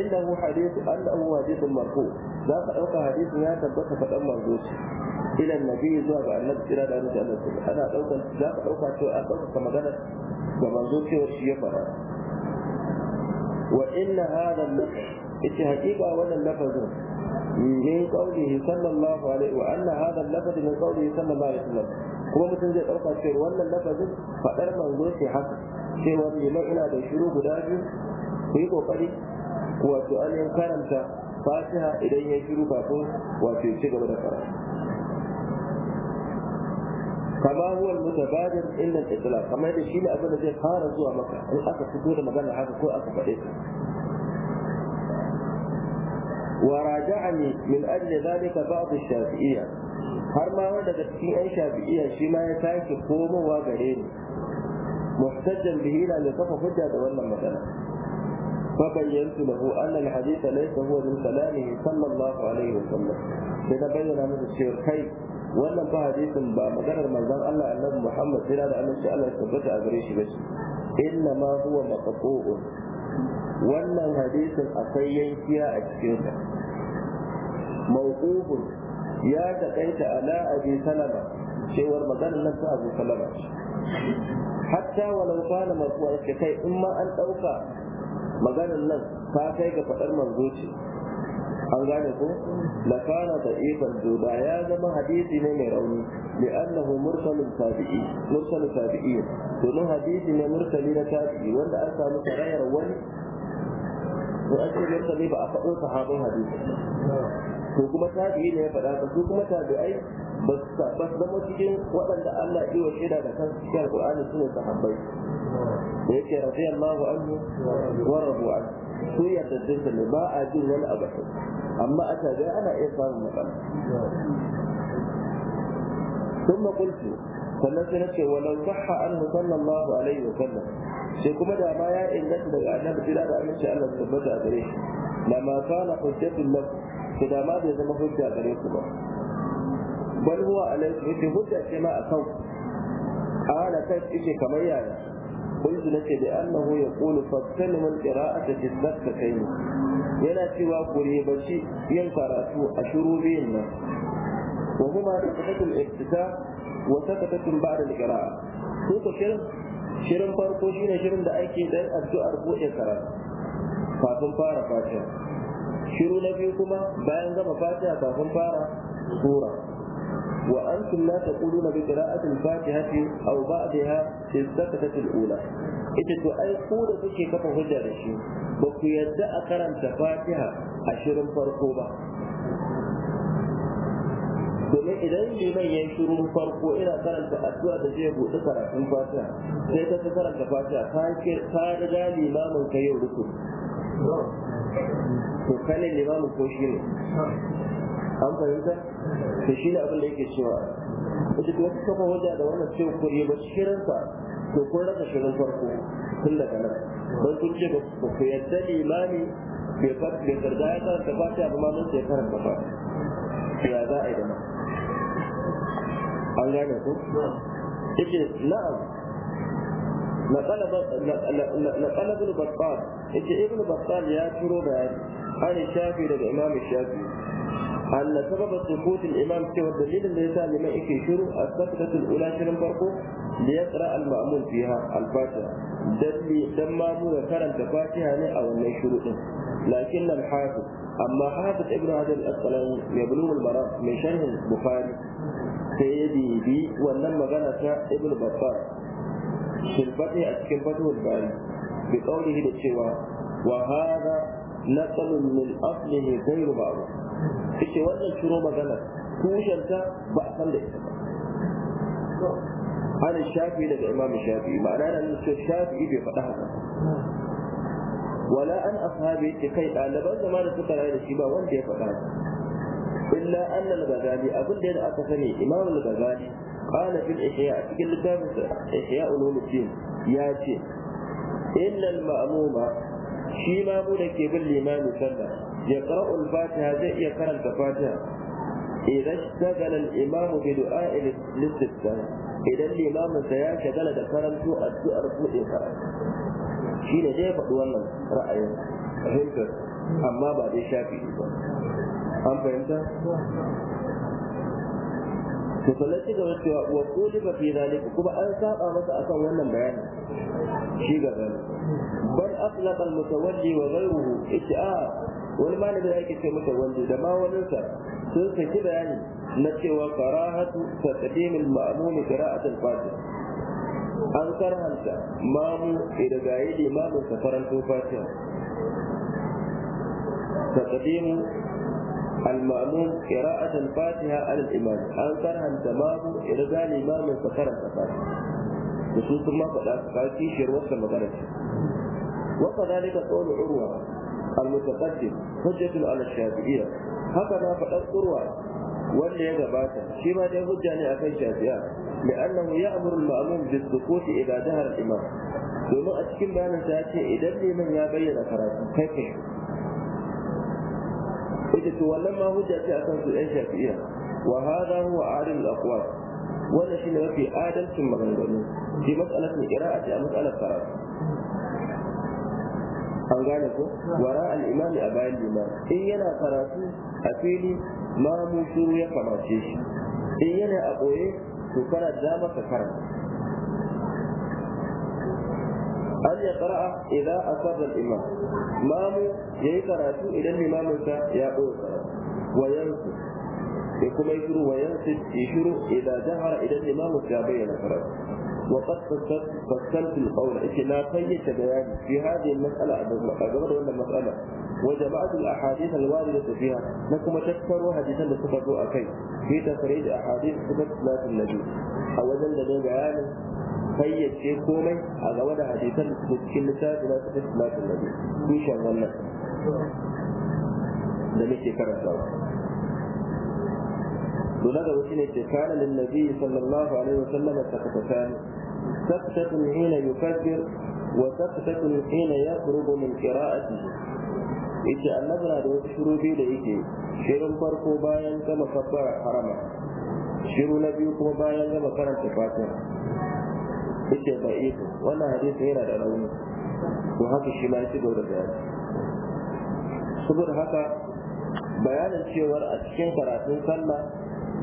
إنه حديث أنه حديث مرفوع ذاك أوقع حديث يا تبقى فقد مرفوع ila nabi zuwa ga annabi kira da annabi Allah ana daukar za ka dauka cewa an dauka magana ga manzo cewa shi ya fara wa inna hadha al-lafz ita hakika wannan lafazin min qawlihi sallallahu alaihi wa anna hadha al-lafz min qawlihi sallallahu alaihi wasallam kuma mutum zai dauka cewa wannan lafazin fadar manzo ce haka cewa liman ina da shiru guda biyu ku yi kokari wato an karanta fatiha idan ya shiru kafin wato ya ci gaba da karatu kama huwa mutabadir illa al-itlaq kama yadda shi ne abin da zai fara zuwa maka in aka fito da magana haka ko aka faɗe ta min من أجل ذلك بعض الشافعية har ma wanda daga cikin 'yan shafi'iyya shi ma ya sake komowa gare ni muhtajjan bihi na mai kafa hujja da wannan magana fa bayyantu lahu anna al-hadith laysa huwa min kalamihi sallallahu alaihi wa sallam sai da bayyana masa cewa kai wannan fa hadisin ba maganar manzon Allah annabi Muhammad sai da annabi Allah ya tabbata a gare shi bace inna ma huwa maqbu'un wannan hadisin akwai yankiya a cikin sa mawqufun ya kaita ala abi salama cewar maganar nan ta abu salama hatta walau kana marfu'a kai in ma an dauka maganar nan ta kai ga fadar manzo ce an gane ko la kana da ifan juda ya zama hadisi ne mai rauni li annahu mursalun tabi'i mursalu tabi'i domin hadisi ne mursali na tabi'i wanda an samu karayar wani to an ce mursali ba a faɗo sahabin hadisi to kuma tabi'i ne ya faɗa ka su kuma tabi'ai ba su zama cikin waɗanda Allah yi wa shaida da kansu cikin alƙur'ani su ne sahabbai da yake radiyallahu anhu wa rabu anhu su yardaddinsa ne ba a jin wani abu amma a tabi ana iya samun matsala ثم قلت sannan sai nace walau sahha an sallallahu alaihi wa sallam sai kuma da ma ya inganta daga annabi bila da aminci Allah tabbata gare shi la ma kana hujjatul lak to da ma bai zama hujja gare ku ba bal huwa alaihi hujja ce ma a kan ala kai ce kamar yaya kunji na ce da Allah ya kone fattali mun kira a ta ka kai yana cewa kure ba shi yin karatu a shuru biyun nan wa kuma da sakatul iktisa wa sakatatun ba da shirin farko shi shirin da ake dan addu'ar buɗe karatu kafin fara fatiha shiru na biyu kuma bayan gama fata, kafin fara sura وأنتم لا تقولون بقراءة الفاتحة أو بعدها في السكتة الأولى إذا to قولة ko كفا kuke kafa hujja da shi ba ku yadda a domin idan liman ya shirin farko ina karanta addu'a da zai buɗe karatun fatiha sai ka karanta fatiha ka riga limamin ka yau rukun to kanin limamin ko shi ne an fahimta to shi ne abin da yake cewa wata kuma su kafa wajen da wannan cewa ku riba shirinsa to kun rasa shirin farko tun daga nan don sun ce ba ku yadda imani bai karda ya karanta fatiha ba ma mun sai karanta fatiha ya za a yi da ma an gane ku yace na'am نقل ابن بطال إذا ابن بطال يا شروع عن الشافعي للإمام الشافعي أن سبب سقوط الإمام سوى الدليل الذي سأل لما إكي شروع السفرة الأولى شرم فرقه ليقرأ المأمول فيها الفاتحة دلي دمامو وكرم الفاتحة أو أن شروع لكن الحافظ أما حافظ ابن هذا الأسقلاني يبلغ المرأة من شرح البخاري سيدي بي ولما غنى ابن بطار شربته أتكلمته الباري بقوله للشواء وهذا نقل من أصله غير معروف yace wannan shiro magana tushenta ba a san da ita ba an shafi daga imam shafi ma'ana da nan ce shafi bai faɗa haka wala an ashabi ce kai ɗaliban zama da suka rayu da shi ba wanda ya faɗa haka illa anna al-ghazali abin da aka sani imam al-ghazali قال في الإحياء في كل كتاب إحياء الولدين ياتي إن المأمومة shi ma mu da ke bin Limamin sallah ya qara'u al-fatiha zai iya karanta fatiha idan shagala al-imamu bi du'a al-istifsar idan limamin sa ya shagala da karanto addu'ar buɗe fara. shi ne dai faɗi wannan ra'ayin fahimtar amma ba dai shafi ba an fahimta to ga ci wa cewa wa ba fi zalika kuma an saba masa akan wannan bayanin shi ga gaba أطلق المتولي وغيره إشعاء wani malami da yake ce masa wanda da ma wani sa sun saki bayani na cewa karahatu taqdim al-ma'mum da gaye da imamin sa faranto fatiha taqdim da gaye imamin da وكذلك قول عروة المتقدم حجة على الشافعية هكذا فقد Urwa wanda ya gabata shi ma dai hujja ne akan shafi'a li'annahu ya'muru al-ma'mum bis-sukut ila dahr al domin a cikin bayanin sa yace idan liman ya bayyana karatu kai kai ita to wannan ma hujja ce akan su ɗan shafi'a wa hadha huwa adil al-aqwal wannan shine mafi adalcin maganganu fi mas'alatin qira'ati a mas'alar fara. an gane ko wara al a bayan liman in yana karatu a fili ma musuru ya kamace shi in yana a ɓoye to kana da ka karatu an ya qara'a idan asaba al-imam mamu yayi karatu idan limaminsa ya ɓoye karatu wa yansu ya kuma yi shiru wayansu ya shiru idan jahara idan limaminsa ya bayyana karatu وقد فصلت القول خلافية بيان في هذه المسألة أجمد ولا مسألة وجمعت الأحاديث الواردة فيها لكم تكثروا حديثا لتفروا أكي في تفريد أحاديث صفة صلاة النبي أولا لدي بيان فيت شيء كومي أجمد حديثا لتفروا لا صفة صلاة النبي في شغلنا da nake karantawa lura da wasu ne ce kana lillabi sallallahu alaihi wasallam سكتة حين يكبر وسكتة حين يقرب من قراءته yace annabi na da wasu shiru biyu da yake shirin farko bayan gama kabbara harama shiru na biyu kuma bayan gama karanta fatiha yace ba iko wannan hadisi yana da rauni to haka shi ma ya shigo da saboda haka bayanin cewar a cikin karatun sallah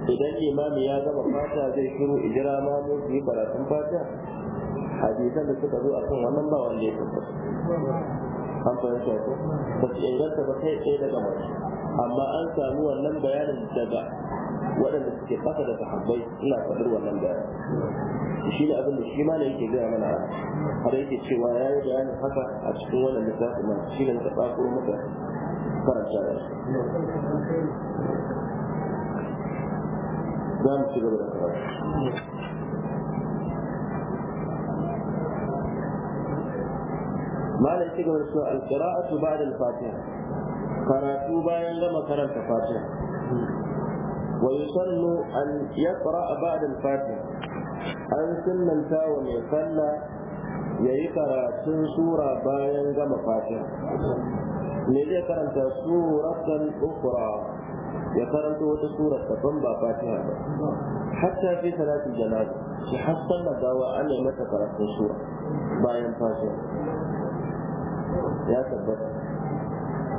idan imami ya gama fata zai shiru ijira ma mu su yi karatun fata hadisan da suka zo akan wannan ba wanda ya tabbata an fara shafi ba su inganta ba kai tsaye daga mai amma an samu wannan bayanin daga waɗanda suke fata da sahabbai ina faɗar wannan bayanin shi ne abin da shi ma ne yake gaya mana har yake cewa ya yi bayanin haka a cikin wannan littafin nan shi ne na tsakuro maka karanta ben size bırakıyorum. القراءة بعد الفاتحة قرأتوا بايا لما قرأت الفاتحة ويصل أن يقرأ بعد الفاتحة أن سن الكاون يصلى يقرا سن سورة بايا لما فاتحة لذي قرأت سورة أخرى ya karanto wata sura daban ba fatiha ba hatta fi salatul janaza shi har sallar gawa ana mata karatun sura bayan fatiha ya tabbata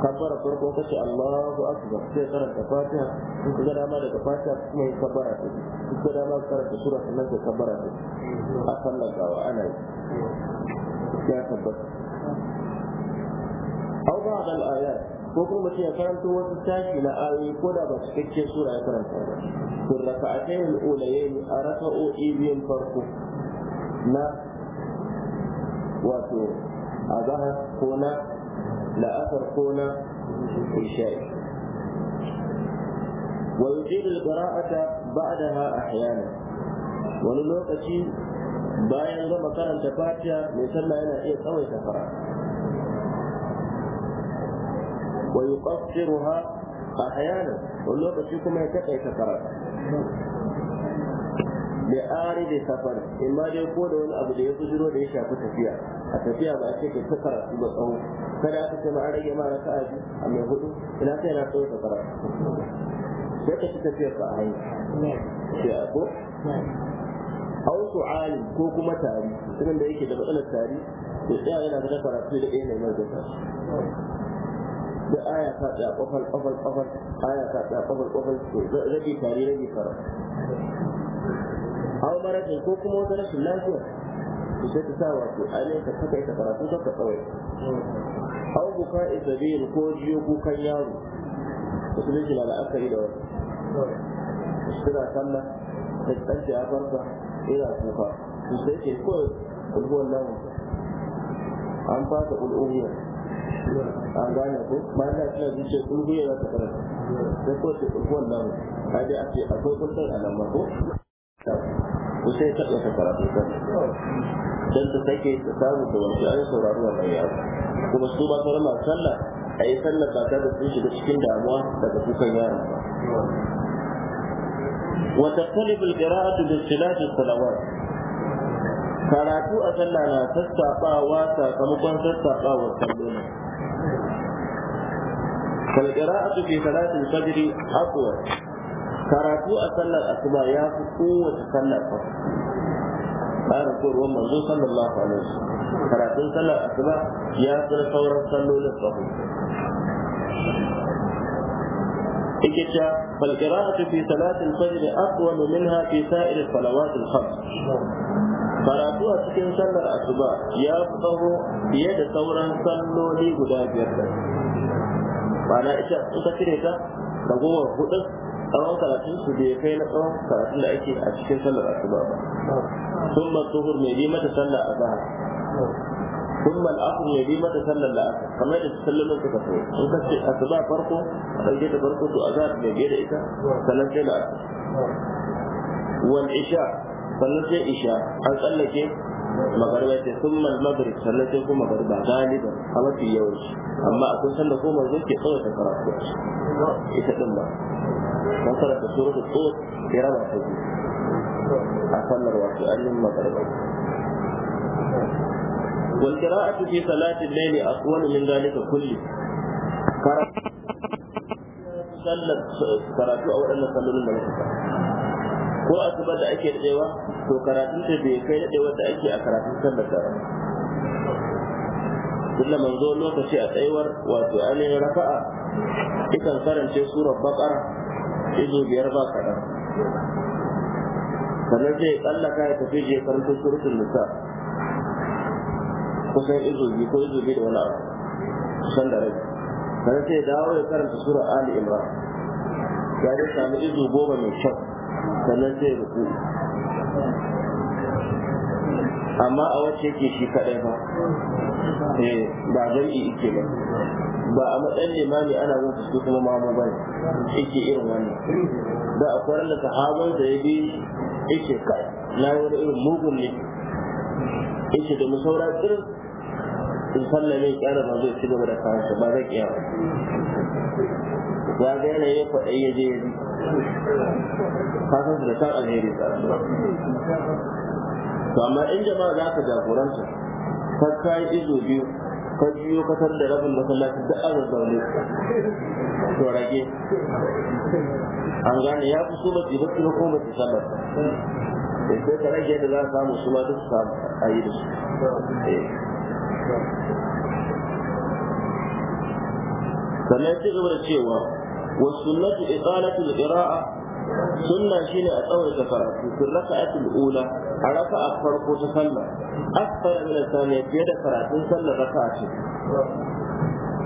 kabbara farko kace Allahu akbar sai karanta fatiha in ka dama daga fatiha kuma yi kabbara ta in ka dama karanta sura sannan ka kabbara ta a sallar gawa ana yi ya tabbata أو بعض الآيات ko kuma mutum ya karanto wasu tashi na ayoyi ko da ba cikakken sura ya karanta ba kun raka a tayin ulayen a raka'o'i biyun farko na wato zahar ko na la'asar ko na isha'i ba da qira'ata a hayana wani lokaci bayan gama karanta fatiya mai sallah yana iya tsawaita fara wa yuqassiruha ahyana wani lokaci kuma ya takaita karatu da ari da safar imma dai ko da wani abu da ya bujiro da ya shafi tafiya a tafiya ba a ce ka karatu ba tsawo kada aka ce ma an rage ma aji a mai hudu ina sai na tsawo karatu sai ka ci tafiyar ka a hanya sai a ko hau su'ali ko kuma tari irin da yake da matsalar tari ya tsaya yana da karatu da ɗaya ne mai da aya ta tsaya kofar kofar kofar aya ta tsaya kofar kofar ko rage tare rage fara aw marake ko kuma wata rashin lafiya to sai ta ko a ne ka saka ita karatu ta ka kawai aw buka isabir ko jiyo kukan yaro da su da aka yi da wani suna sallah da tsanci a farka ina kuka to sai ke ko kulhuwan lamun an fata ul'uriya A gane ko bayan da suna zuciya sun biya za ta karanta sai ko ce kurkuwan nan ka dai a ce akwai san alama ko ko sai ta ɗauka karatu kan don ta sake ta samu da wani an saurari wannan yaro kuma su ba sauran masu sallah a yi sallar ba tare da sun shiga cikin damuwa daga kukan yaron ba وتختلف القراءة باختلاف الصلوات karatu a sallah na sassaɓawa sakamakon sassaɓawar sallolin فالقراءة في صلاة الفجر أقوى كراتو أصلى الأصبع يا قوة صلى الفجر قال رسول الله منظور صلى الله عليه وسلم كراتو صلى الأصبع يا قوة صورة صلوا للفجر إكتشا فالقراءة في صلاة الفجر أقوى منها في سائر الصلوات الخمس karatu a cikin sallar asuba ya fi tsawo fiye da ma'ana ita in ka cire ta ragowar hudun tsawon karatun su bai kai na tsawon karatun da ake a cikin sallar asuba ba sun ma tsohur mai bi mata sallar a zahar sun ma al'afur mai bi mata sallar da aka kamar da sallar suka so in ka ce asuba farko a ɗauke da farko to a zahar mai da ita sannan sai da wal isha sannan sai isha an tsallake magarba ce sun malmagrib sannan sai kuma magarba galiban a mafi yawanci amma a kun da ko manzo ke kawai ta karatu ita din ba kan karanta suratul qur ya raba ta biyu a sallar wasu annin magarba والقراءة في صلاة الليل أطول من ذلك كله karatu a waɗannan sallolin da muka ko asuba da ake daɗewa to karatun ta bai kai daɗewar da ake a karatun sallar tara tunda manzo lokaci a tsayuwar wato ainihin rafa'a ikan karance surar baƙar izo biyar ba kaɗan sannan zai tsallaka ya tafi je karanta surutun nisa kusan izo biyu ko izo biyu da wani abu kusan da rai sannan sai dawo ya karanta sura ali imran ya dai samu izo goma mai kyau sannan zai ruku amma a wacce yake shi kaɗai ba eh, ba jam'i ike ba ba a matsayin limami ana yin su kuma mamu ba yake irin wannan da a kwarar da sahabar da ya bi ike kai na yi wani irin mugun ne ike da musaura tsirin in sallame kyara ba zai ci gaba da kawansa ba zai kiyawa ya ga yanayin kwaɗayi ya je ya bi kasan su da san alheri to amma in jama'a za ka jagoranta ka kai ido biyu ka biyo kasar da rabin masallaci da an zaune to rage an gane ya fi so ba mace basu na kuma mace sallar da eh, sai ka rage yadda za a samu su ma duk samu a yi da su eh. sannan ya ci gaba da cewa wasu sunnatu iqalatul qira'a sunna shine a tsawaita karatu fil raka'atul ula a raka'a farko ta sallah asfara min sami fiye da karatun sallar raka'a ce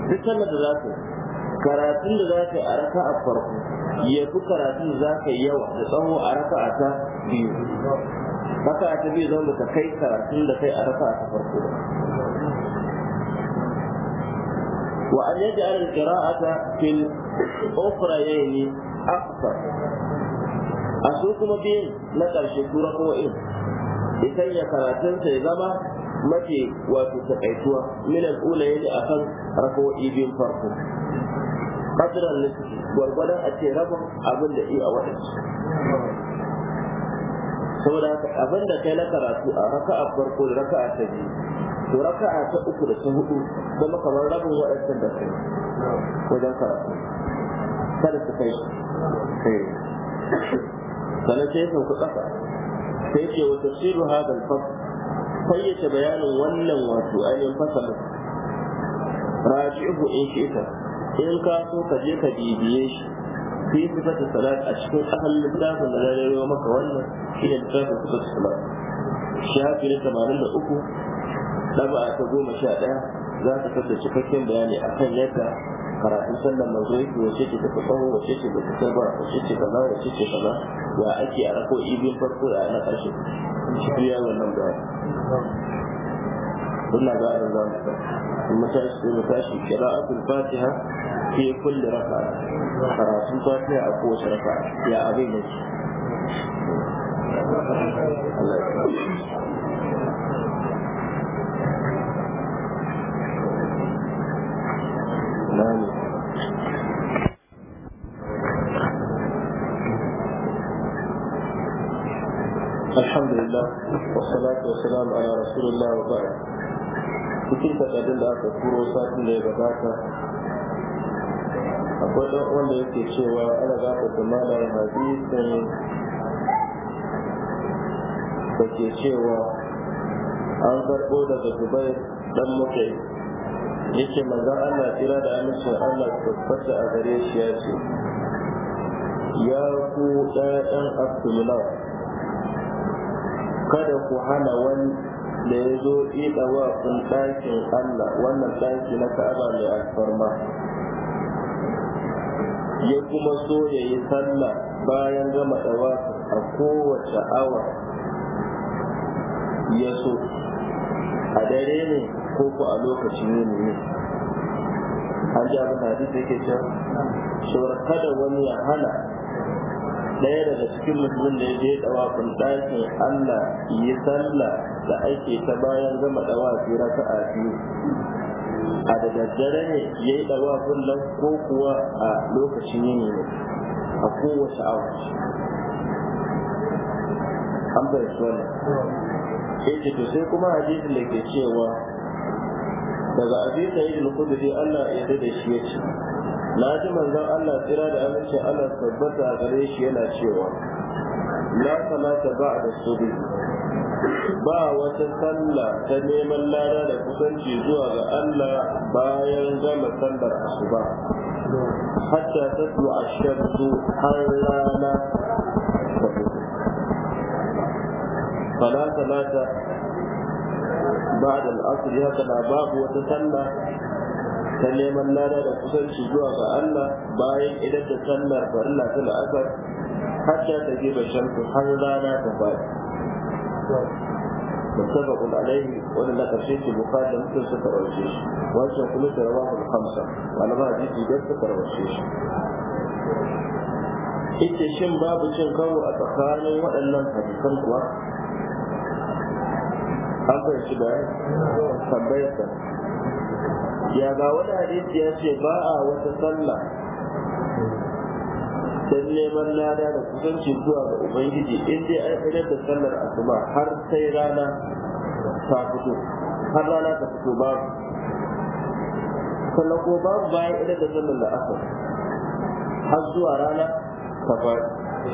duk sallar da za ta karatun da za ta a raka'a farko ya fi karatun da za ka yawa da tsawo a raka'a ta biyu raka'a ta biyu zama ka kai karatun da kai a raka'a ta farko وأن يجعل القراءة في الأخريين أقصر a su kuma biyun na ƙarshe in isan ya sanya karatunsa ya zama mafi wato takaituwa milan ula a kan rako'i biyun farko kadiran nufi gwargwadon a ce rabin abin da iya waɗansu saboda haka abin da kai na karatu a raka'a farko da raka'a ta biyu to raka'a ta uku da ta hudu kuma kamar rabin waɗancan da kai wajen karatu kada su kai kai sannan sai ya sauka ƙasa sai ce wata shiru hadal fasl fayyace bayanin wannan wato ainihin fasalin raji'uhu in shi'ta in ka so ka je ka bibiye shi fi sifatu salat a cikin asalin littafin da zai rawa maka wannan shi ne littafin sifatu salat shafi na tamanin da uku ɗaba ta goma sha ɗaya za ka tattace cikakken bayani akan yadda karatun sallar mazoyi wace ce ta fi tsawo wace ce ba ta fi ba wace ce kaza wace ce kaza ya ake a rako ibin farko da na ƙarshe shi ya wannan bayan ثم بعد ذلك المتاشي قراءة الفاتحة في كل ركعة قراءة الفاتحة أقوى ركعة يا أبي نجي الله يسلمك alhamdulillah wassalatu wassalamu ala rasulillah wa ba'd cikin takardun da aka kuro satin da ya gabata akwai ɗan wanda yake cewa ana gafata malamin hadisin da ke cewa an karɓo daga dubai ɗan mukai yake manzan allah kira da amincin allah tabbata a gare shi ya ce ya ku ɗayan abdullahi kada ku hana wani da ya zo ɗiɗa wa kun ɗakin Allah wannan ɗaki na Ka'aba mai alfarma ya kuma so ya yi sallah bayan gama ɗawa a kowace awa ya so a dare ne ko ku a lokacin yini ne an ji abin hadisi yake cewa kada wani ya hana ɗaya daga cikin mutumin da ya je dawafin ɗakin Allah yi sallah da ake ta bayan gama dawafi raka'a biyu a da daddare ne ya yi dawafin nan ko kuwa a lokacin yini ne a kowace awa an bai su wannan ce eh, to sai kuma hadisin da ke cewa daga abin da yi Allah ya da shi ya ce na ji manzon Allah tsira da amincin Allah tabbata a gare shi yana cewa la salata ba da subi ba wata sallah ta neman lada da kusanci zuwa ga Allah bayan gama sallar asuba hatta su ash-shamsu har rana da صلاة بعد الأصل babu wata sallah. ta neman lada da kusanci zuwa ga Allah bayan idan da sallar farilla ta la'asar hatta ta gaba shamsu har rana ta fadi متفق عليه ولا لا تشيك البخاري لم تنسى تروشيش وانشا كلمة رواه الخمسة وانا ما جيت جلسة shi. ita shin babu cin karo a tsakanin waɗannan hadisan kuwa an fahimci bayan tambayar ya ga wani hadisi ya ce ba a wata sallah dan neman lada da kusanci zuwa ga ubangiji in dai an da sallar asuba har sai rana ta fito har rana ta fito babu sannan kuma ba ya idan da sallar la'asar har zuwa rana ta faɗi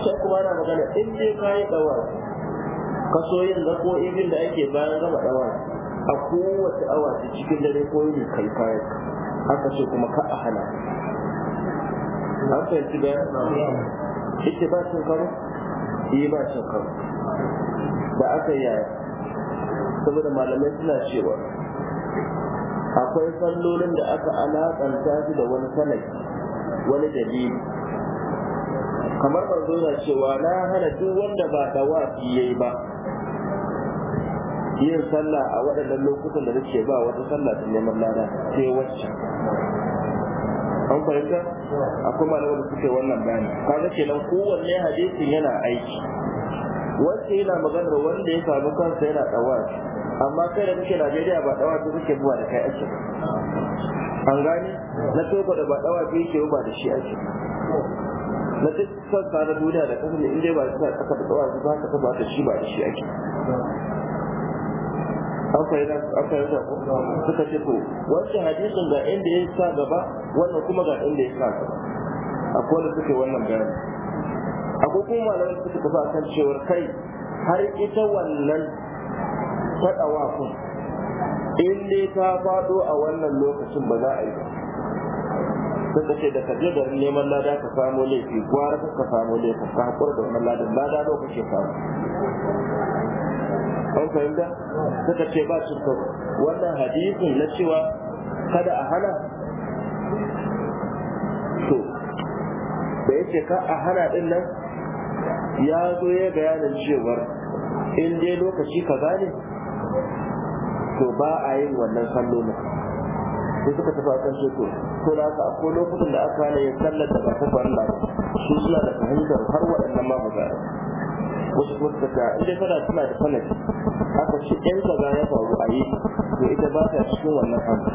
sai kuma ana magana in dai kayi dawa kaso yin ibin da ake bayan gama dawa a kowace awa ta cikin dare ko yin kai kayan haka ce kuma ka a hana an fahimci da ita ba shi karo yi eh, ba shi karo da aka yi saboda malamai suna cewa akwai sallolin da aka alaƙanta su da wani sanai wani dalili kamar zo na cewa na hana duk wanda ba wafi yayi ba yin sallah a waɗannan lokutan da nake ba wata sallah ta neman lada sai wacce an fahimta akwai kuma da suke wannan bayani kaga kenan kowanne hadisin yana aiki wacce yana maganar wanda ya samu kansa yana dawaci amma kai da muke Najeriya ba ta suke zuwa da kai ake an gane na toko da ba ta yake ba da shi ake na duk sassa na duniya da kasar inda ba su ta kasa da dawaci ba ka ba ta shi ba da shi ake an fahimta an fahimta ko suka ce to wancan hadisin ga inda ya sa gaba wannan kuma ga inda ya sa a akwai suke wannan bayani A kuma malamai suka tafi akan cewar kai har ita wannan faɗawa wa kun in dai ta faɗo a wannan lokacin ba za a yi ba suka da kaje garin neman lada ka samo laifi gwara ka samo laifi ka haƙura da wannan ladan lada lokacin samu an fahimta suka ce ba su kawo wannan hadisin na cewa kada a hana to da ya ce ka a hana din nan ya zo ya bayanin cewar in dai lokaci ka gane to ba a yin wannan sallolin sai suka tafi akan shi to Ko da aka ko lokacin da aka hana ya sallar da ba ta faru su suna da fahimtar har waɗannan ma ba wasu wasu ta ita tana tana da fanat aka ce yan kaza ya faru a yi to ita ba ta cikin wannan hannu.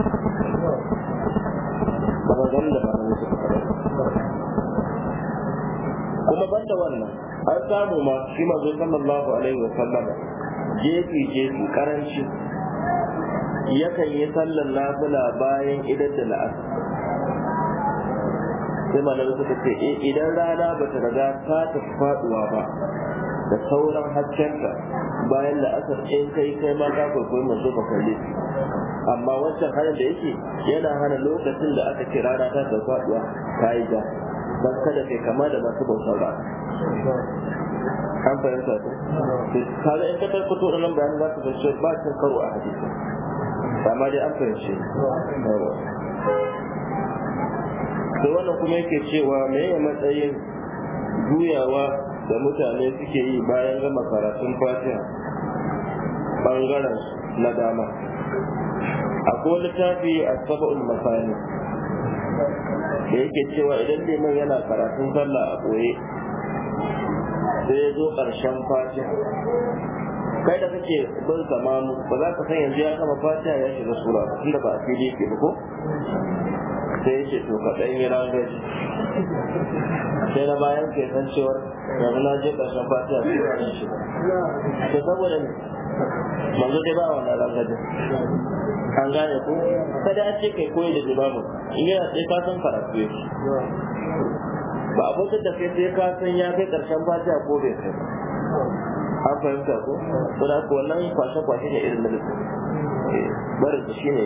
ba ga da ba na musu kuma banda wannan an samu ma shi mazo sallallahu alaihi wa sallama jefi jefi karanci yakan yi sallar nafila bayan idan da la'asar sai malamai suka ce eh, idan rana ba ta riga ta tafi faduwa ba da sauran haskenta bayan la'asar in kai kai ma ka kwaikwayi manzo ba kalle amma wancan halin da yake yana hana lokacin da aka kira rana ta da faduwa ta yi ja don kada kai kama da masu bauta ba. an fahimta ta kaga in ka tarkato da nan bayan za ka fahimci ba cin karo a hadisi amma dai an fahimci to wannan kuma yake cewa me matsayin juyawa da mutane suke yi bayan gama karatun fatiha bangaren na dama akwai littafi a saba'ul masani da yake cewa idan neman yana karatun sallah a ɓoye sai ya zo ƙarshen fatiha kai da kake bin zamanu, ba za ka san yanzu ya kama fatiha ya shiga sura ba tunda ba a fili ke ba ko sai ya ce to kaɗan yi gaji. sai na bayan kai san cewar yanzu na je ƙarshen fati a cikin nan shi to saboda ne manzo dai ba wannan rangadin an gane ko kada a ce kai koyi da limamu in yana sai ka san karatu ya ba abokin da kai sai ka san ya kai ƙarshen fati a kobe sai an fahimta ko to wannan kwashe-kwashe ne irin na Bari eh, barin shi ne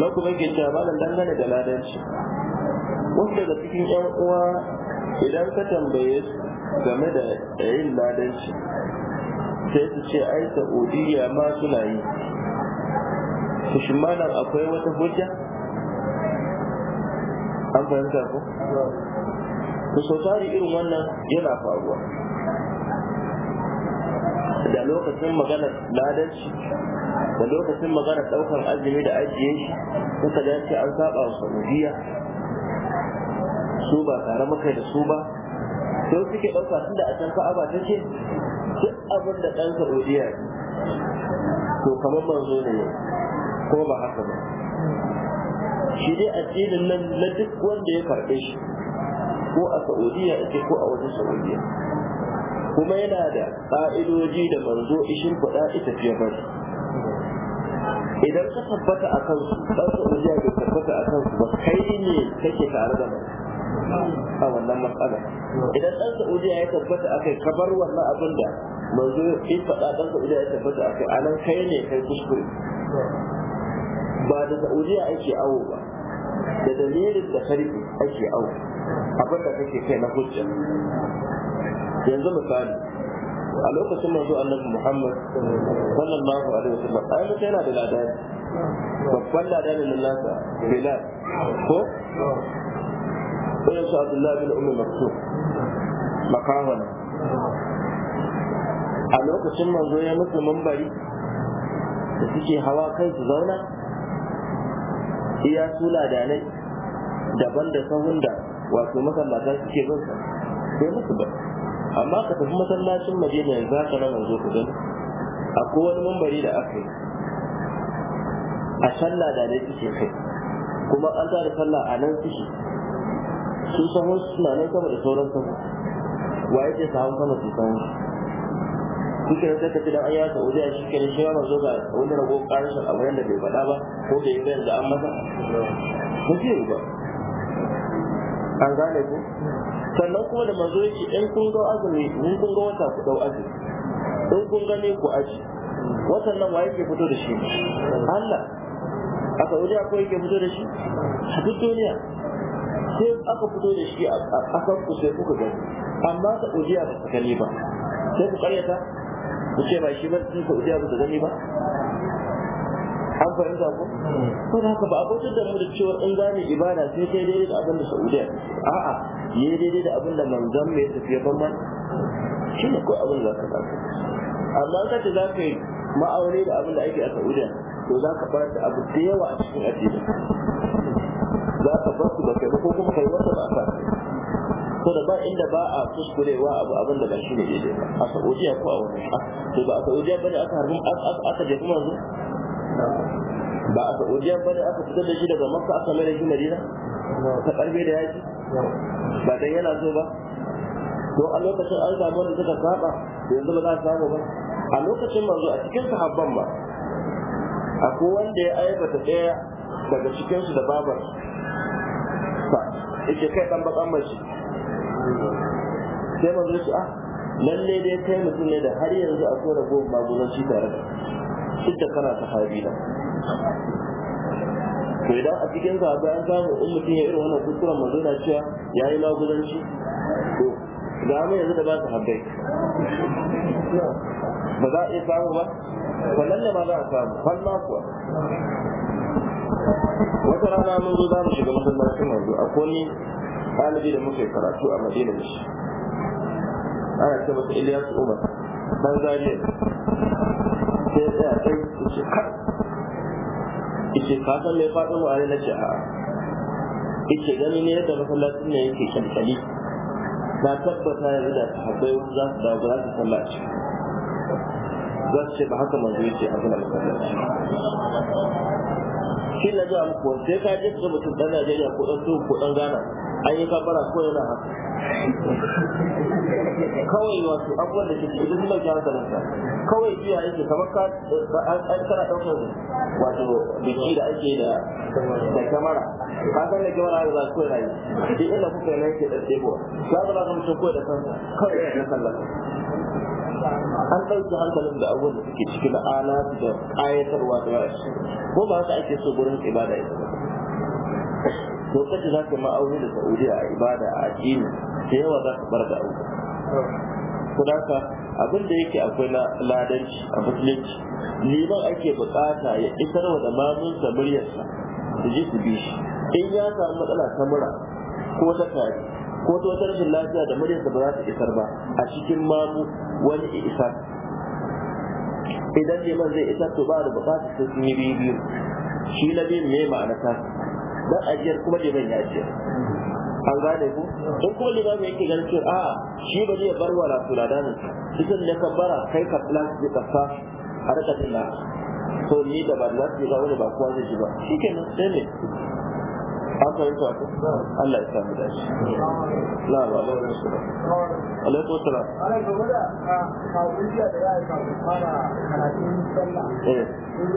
na kuma ke cewa malam dangane da ladanci wanda daga cikin yan uwa idan ka tambaye su game da yin ladanci sai su ce ai saudiya ma suna yi su shi malam akwai wata hujja an fahimta ko ku sau tari irin wannan yana faruwa da lokacin maganar ladanci da lokacin magana daukar azumi da ajiye shi suka dace an saba wa sanadiyya su ba tare makai da su ba to suke dauka tunda a can ka'aba ta ce duk abin da ɗan saudiya to kamar manzo ne ko ba haka ba shi dai addinin nan na duk wanda ya karɓe shi ko a saudiya ake ko a wajen saudiya kuma yana da ƙa'idoji da manzo ishin kuɗa ita fiye bari idan ka tabbata a kansu ba su ujiya bai tabbata a kansu ba kai ne kake tare da mai a wannan matsalar idan ɗan sa'udiya ya tabbata a kai ka bar wannan abin da manzo in faɗa ɗan sa'udiya ya tabbata a kai a nan kai ne kai kuskure ba da sa'udiya ake awo ba da dalilin da karfi ake awo abin da kake kai na hujja yanzu misali a lokacin manzo annabi Muhammad sallallahu alaihi wasallam ai mutum yana da ladani babban ladani na nasa Bilal ko irin su Abdullahi bin Umar Maktum makawana a lokacin manzo ya musu mambari da suke hawa kai su zauna iya su ladanai daban da sahun da wato masallata suke bin sa sai musu ba amma ka tafi masallacin madina yanzu haka nan yanzu ku gani akwai wani mambari da aka yi a sallah da da kike kai kuma an tsara sallah a nan kishi su wasu suna nan sama da sauran sama wa yake sahun sama su sahun suke da sai ka ci dan an yawa saudiya shi shi ma zo ga wani rago karshen abu yadda bai faɗa ba ko da yi yanzu an masa ba ba an gane ku sannan kuma da manzo yake in kun ga azumi in kun ga wata ku dau azumi in kun ga ne ku aji watan nan waye ke fito da shi Allah aka wuri akwai yake fito da shi a duk duniya sai aka fito da shi a kasan ku sai kuka gani amma Saudiya ba ta gani ba sai ku karyata ku ce ba shi ba sai Saudiya ba ta gani ba fahimta ko ko da haka ba a bautar da mu da cewa in zamu ibada sai kai daidai da abin da Saudiya a'a yayi daidai da abin da manzon mai tafiya banban shi ne kawai abin da ka zaka amma ka ce ka yi ma'aure da abin da ake a Saudiya to za ka fara da abu da yawa a cikin addini za ka bar su ba kai ko kuma kai wata ba ka to da ba inda ba a kuskurewa abu abin da gashi shi ne daidai ba a Saudiya ko a wani to ba a Saudiya bane aka harbin aka je kuma manzo ba a saudiya ba ne aka fitar da shi daga makka aka mai da shi madina ta karbe da yaki ba dan yana so ba to a lokacin an samu wanda suka saba yanzu ba za a samu ba a lokacin manzo a cikin sahabban ba akwai wanda ya aibata ɗaya daga cikinsu da babar ba yake kai dan bakan mace sai manzo ya ce ah lalle dai kai mutum ne da har yanzu a akwai ragowar magunan shi tare da duk da kana sahabi da to idan a cikin sahabi ga samu in mutum ya irin wannan kuskuren manzo na cewa ya yi maguzanci to ga mu yanzu da ba su habbai ba za a iya samu ba kwallon ba za a samu kwallon kuwa wata rana mun zo za mu shiga masallacin yanzu a kone ɗalibi da muke karatu a madina da shi ana ce masa iliyas umar ɗan zariya sai ya tsaya ice ka san me faɗin wa na ce a'a ice gani ne yadda masallacin ne yake kyalkyali na tabbata ya yanzu ta sahabbai wasu za su dawo za su sallaci za su ce ba haka manzo yace a gina masallaci shi na ga muku sai ka je ga mutum dan Najeriya ko ɗan Togo ko ɗan Ghana an yi kafara ko yana haka kawai wasu abubuwan da ke cikin duk dauke hankalinsa kawai jiya yake kamar ka an kana daukar wato biki da ake da da kamara ka san da kamara da za su koyi rayu duk inda kuka yi nan da tsebo za su ba ka mutum koyi da kansa kawai ya sallah an ɗauki hankalin da abubuwan da suke ciki na da ƙayatarwa da rashi ko ba haka ake so gurin ibada ita to kace za ka ma'auni da saudiya a ibada a addini da yawa za ka bar da aure kudaka abin da yake akwai na ladanci a musulunci liman ake bukata ya isar wa da mamunsa muryarsa su ji su bi shi in ya samu matsala ta mura ko ta tari ko ta wata rashin lafiya da muryarsa ba za ta isar ba a cikin mamu wani isar idan liman zai isar to ba da bukata sai sun yi biyu shi na biyu ne ma'anata ta dan ajiyar kuma liman ya ajiyar an gane ku don kuma limami yake ganin cewa a ah, shi ba zai bar wa rasulada ne cikin da ka bara kai ka plan zai kasa a rika jin na ni da ba za su ga wani ba kowa zai ji ba shi ke nan sai ne kai fahimta ku. Allah ya samu dashi na ba ba ba su ba alaikum salam ah, a da kawai da ya a kawo fara karatun sallah eh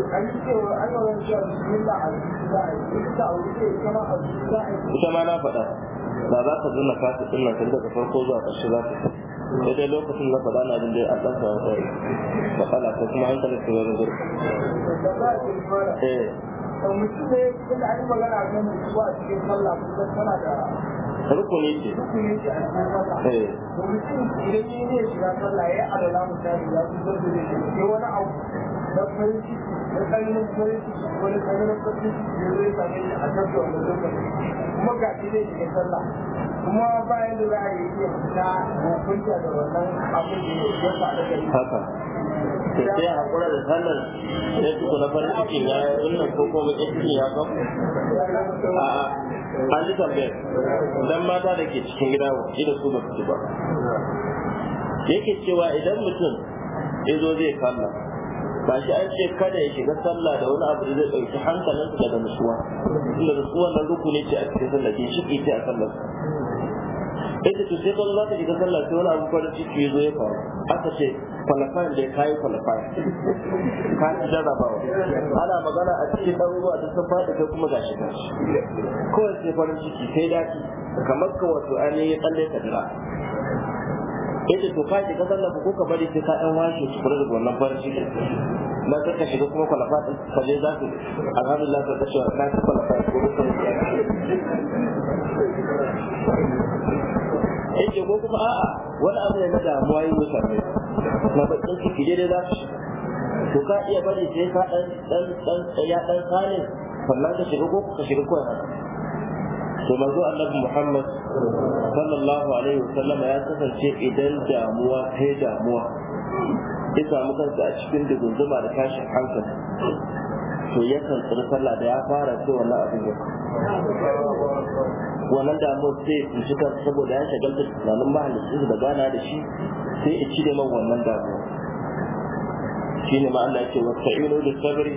an yi cewa an yi wani cewa bismillah a zuciya a zuciya a wuce a zuciya a ma na faɗa ba za ka zuna fata sunan ka daga farko zuwa ƙarshe za ka sai dai lokacin na faɗa na abin da an ɗan samu kai matsala ko kuma hankali su wani gudu. Eh. rukuni ce rukuni eh. ce idan ne shiga sallah ya ya da shi wani abu na da kuma ga shi zai shiga sallah kuma bayan da za a yi iya fita hukunta da wannan abin da ya faru da haka sai a hakura da sallar sai tuku na farin ciki ya inna ko ko ba ciki ya ba a an tambayar dan mata da ke cikin gida ji da su ba su ba yake cewa idan mutum ya zo zai kalla ba shi an ce kada ya shiga sallah da wani abu da zai ɗauki hankalinsa daga nutsuwa inda nutsuwa na ne ce a cikin sallah ke shi ce a sallah ita ce sai kuma za ta shiga sallah sai wani abu farin ciki zo ya faru aka ce kwalifayin da ya kayi kwalifayin ka ci jarrabawa ana magana a cikin ɗaruruwa da sun faɗi kai kuma gashi gashi kawai sai farin ciki sai daɗi kamar ka wato ainihin tsalle ta dira yace to ka shiga sallah ko ka bari sai ka dan washe su kula da wannan barci na sai ka shiga kuma kwalafa din ka je zaki alhamdulillah ka tashi ka ka kwalafa ko ka yace ko kuma a'a wani abu ne na damuwa yi mutane na bakin ciki dai za su to ka iya bari sai ka dan dan dan ya dan sare sannan ka shiga ko ka shiga ko to mazo annabi Muhammad sallallahu alaihi wasallam ya kasance idan damuwa ta damuwa ya samu kansa a cikin dugunzuma da tashin hankali to yakan tsiri sallah da ya fara ce wannan abin ya wannan damuwar sai in shiga saboda ya da tunanin mahallicin da gana da shi sai in cire man wannan damuwa shine ma Allah ya ce wasta'inu da sabri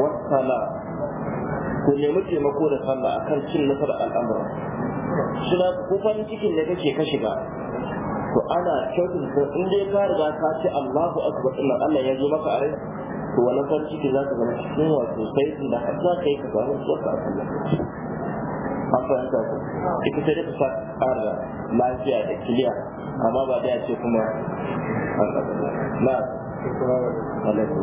was salat ku nemi taimako da sallah akan cin nasarar al'amura suna ko farin cikin da kake ka shiga to ana kyautin ko in dai ka riga ka ce Allahu akbar din Allah ya zo maka a rai to wannan farin ciki za ka zama cikin wato sai da har za ka yi ka samu tsaka a sallah an fahimta ku ita ce da ta ƙara lafiya da kiliya amma ba da ce kuma na alaikum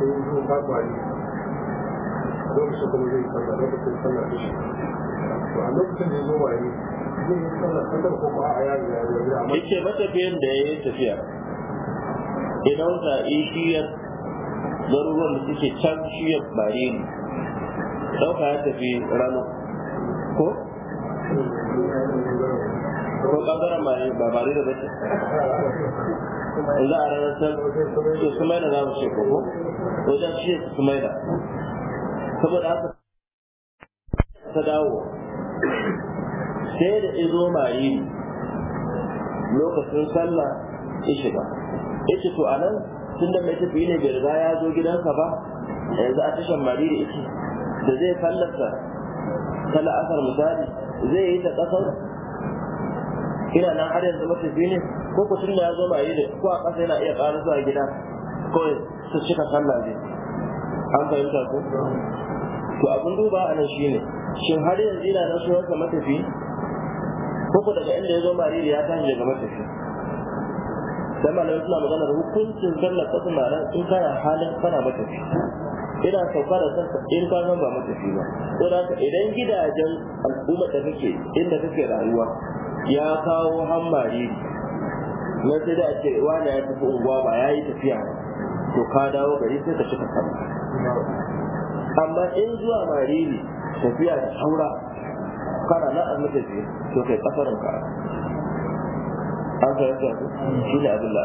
yi zuwa bakwari lokacin da ya yi yake matafiyan da ya yi tafiya idan na ishiyar garuruwan da suke can shiyar bari ne ɗauka ya tafi rano ko ko bangaren ba ba da bace inda a ranar san su su maida za mu ce ko wajen shi su su maida saboda haka ta dawo sai da izo mayi lokacin sallah ya shiga ita to a nan tun da mai tafi ne bai riga ya zo gidansa ba yanzu a tashan mari da ita da zai fallasa ta la'asar misali zai yi ta kasar ina nan har yanzu matafi ne ko ku tun da ya zo ba yi da ko a kasa yana iya ƙara zuwa gida kawai su cika sallah ne an fahimta ko to abin duba a nan shine shin har yanzu ina nan sunansa matafi ko ku daga inda ya zo mariri ya tashi daga matafi dan malamin suna maganar hukuncin sallar ta na nan in kana halin kana matafi ina sauka da kanka in ka zama ba matafi ba ko da haka idan gidajen al'umma da kake inda kake rayuwa ya kawo hammari na sai da ce wani ya tafi unguwa ba ya yi tafiya to ka dawo gari sai ka shiga sama amma in zuwa mariri tafiya da saura kana na a matafi to kai kasarin ka an ka yasa shi ne abin da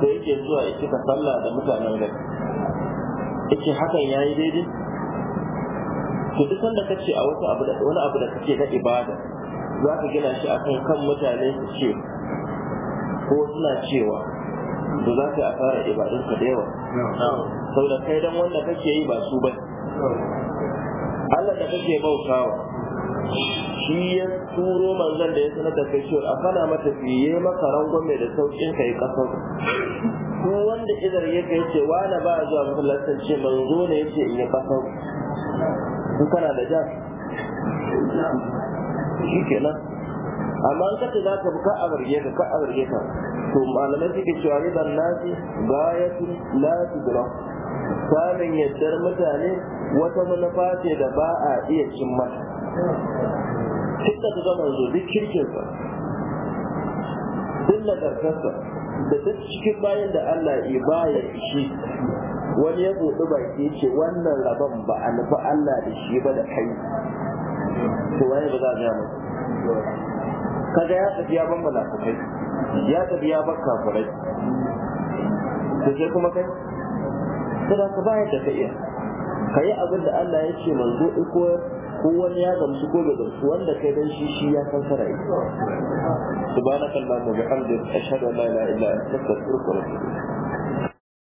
da yake zuwa ya sallah da mutanen gari yake hakan ya yi daidai to duk wanda kace a wasu abu da wani abu da kake na ibada za ka gina shi akan kan mutane su ce ko suna cewa to za ka fara ibadun ka da yawa saboda kai dan wanda kake yi ba su ba Allah da kake bautawa shi ya turo manzan da ya sanar da kai a fana mata fiye maka mai da saukin kai kasar ko wanda idar ya kai ce na ba zuwa masallacin ce manzo ne yace in yi kasar in kana da ja shi kenan amma an kace za ka bi ka abarge ka ka abarge ka to malamai suke cewa riban nasi gayatun la tudrak samun yaddar mutane wata manufa ce da ba a iya cin mata tun da zama yanzu duk kirkinsa duk nagartarsa da duk cikin bayan da Allah ya baya shi wani ya buɗi ke ce wannan rabon ba a nufi Allah da shi ba da kai to waye ba za a gano kaga ya tafi ya ban munafikai ya tafi ya ban kafirai to sai kuma kai kada ka bayar da ka iya ka yi abin da Allah ya ce manzo iko ko wani ya gamsu ko da gamsu wanda kai dan shi shi ya san sarai subhanakallahumma wa bihamdika ashhadu an la ilaha illa anta astaghfiruka wa atubu ilaik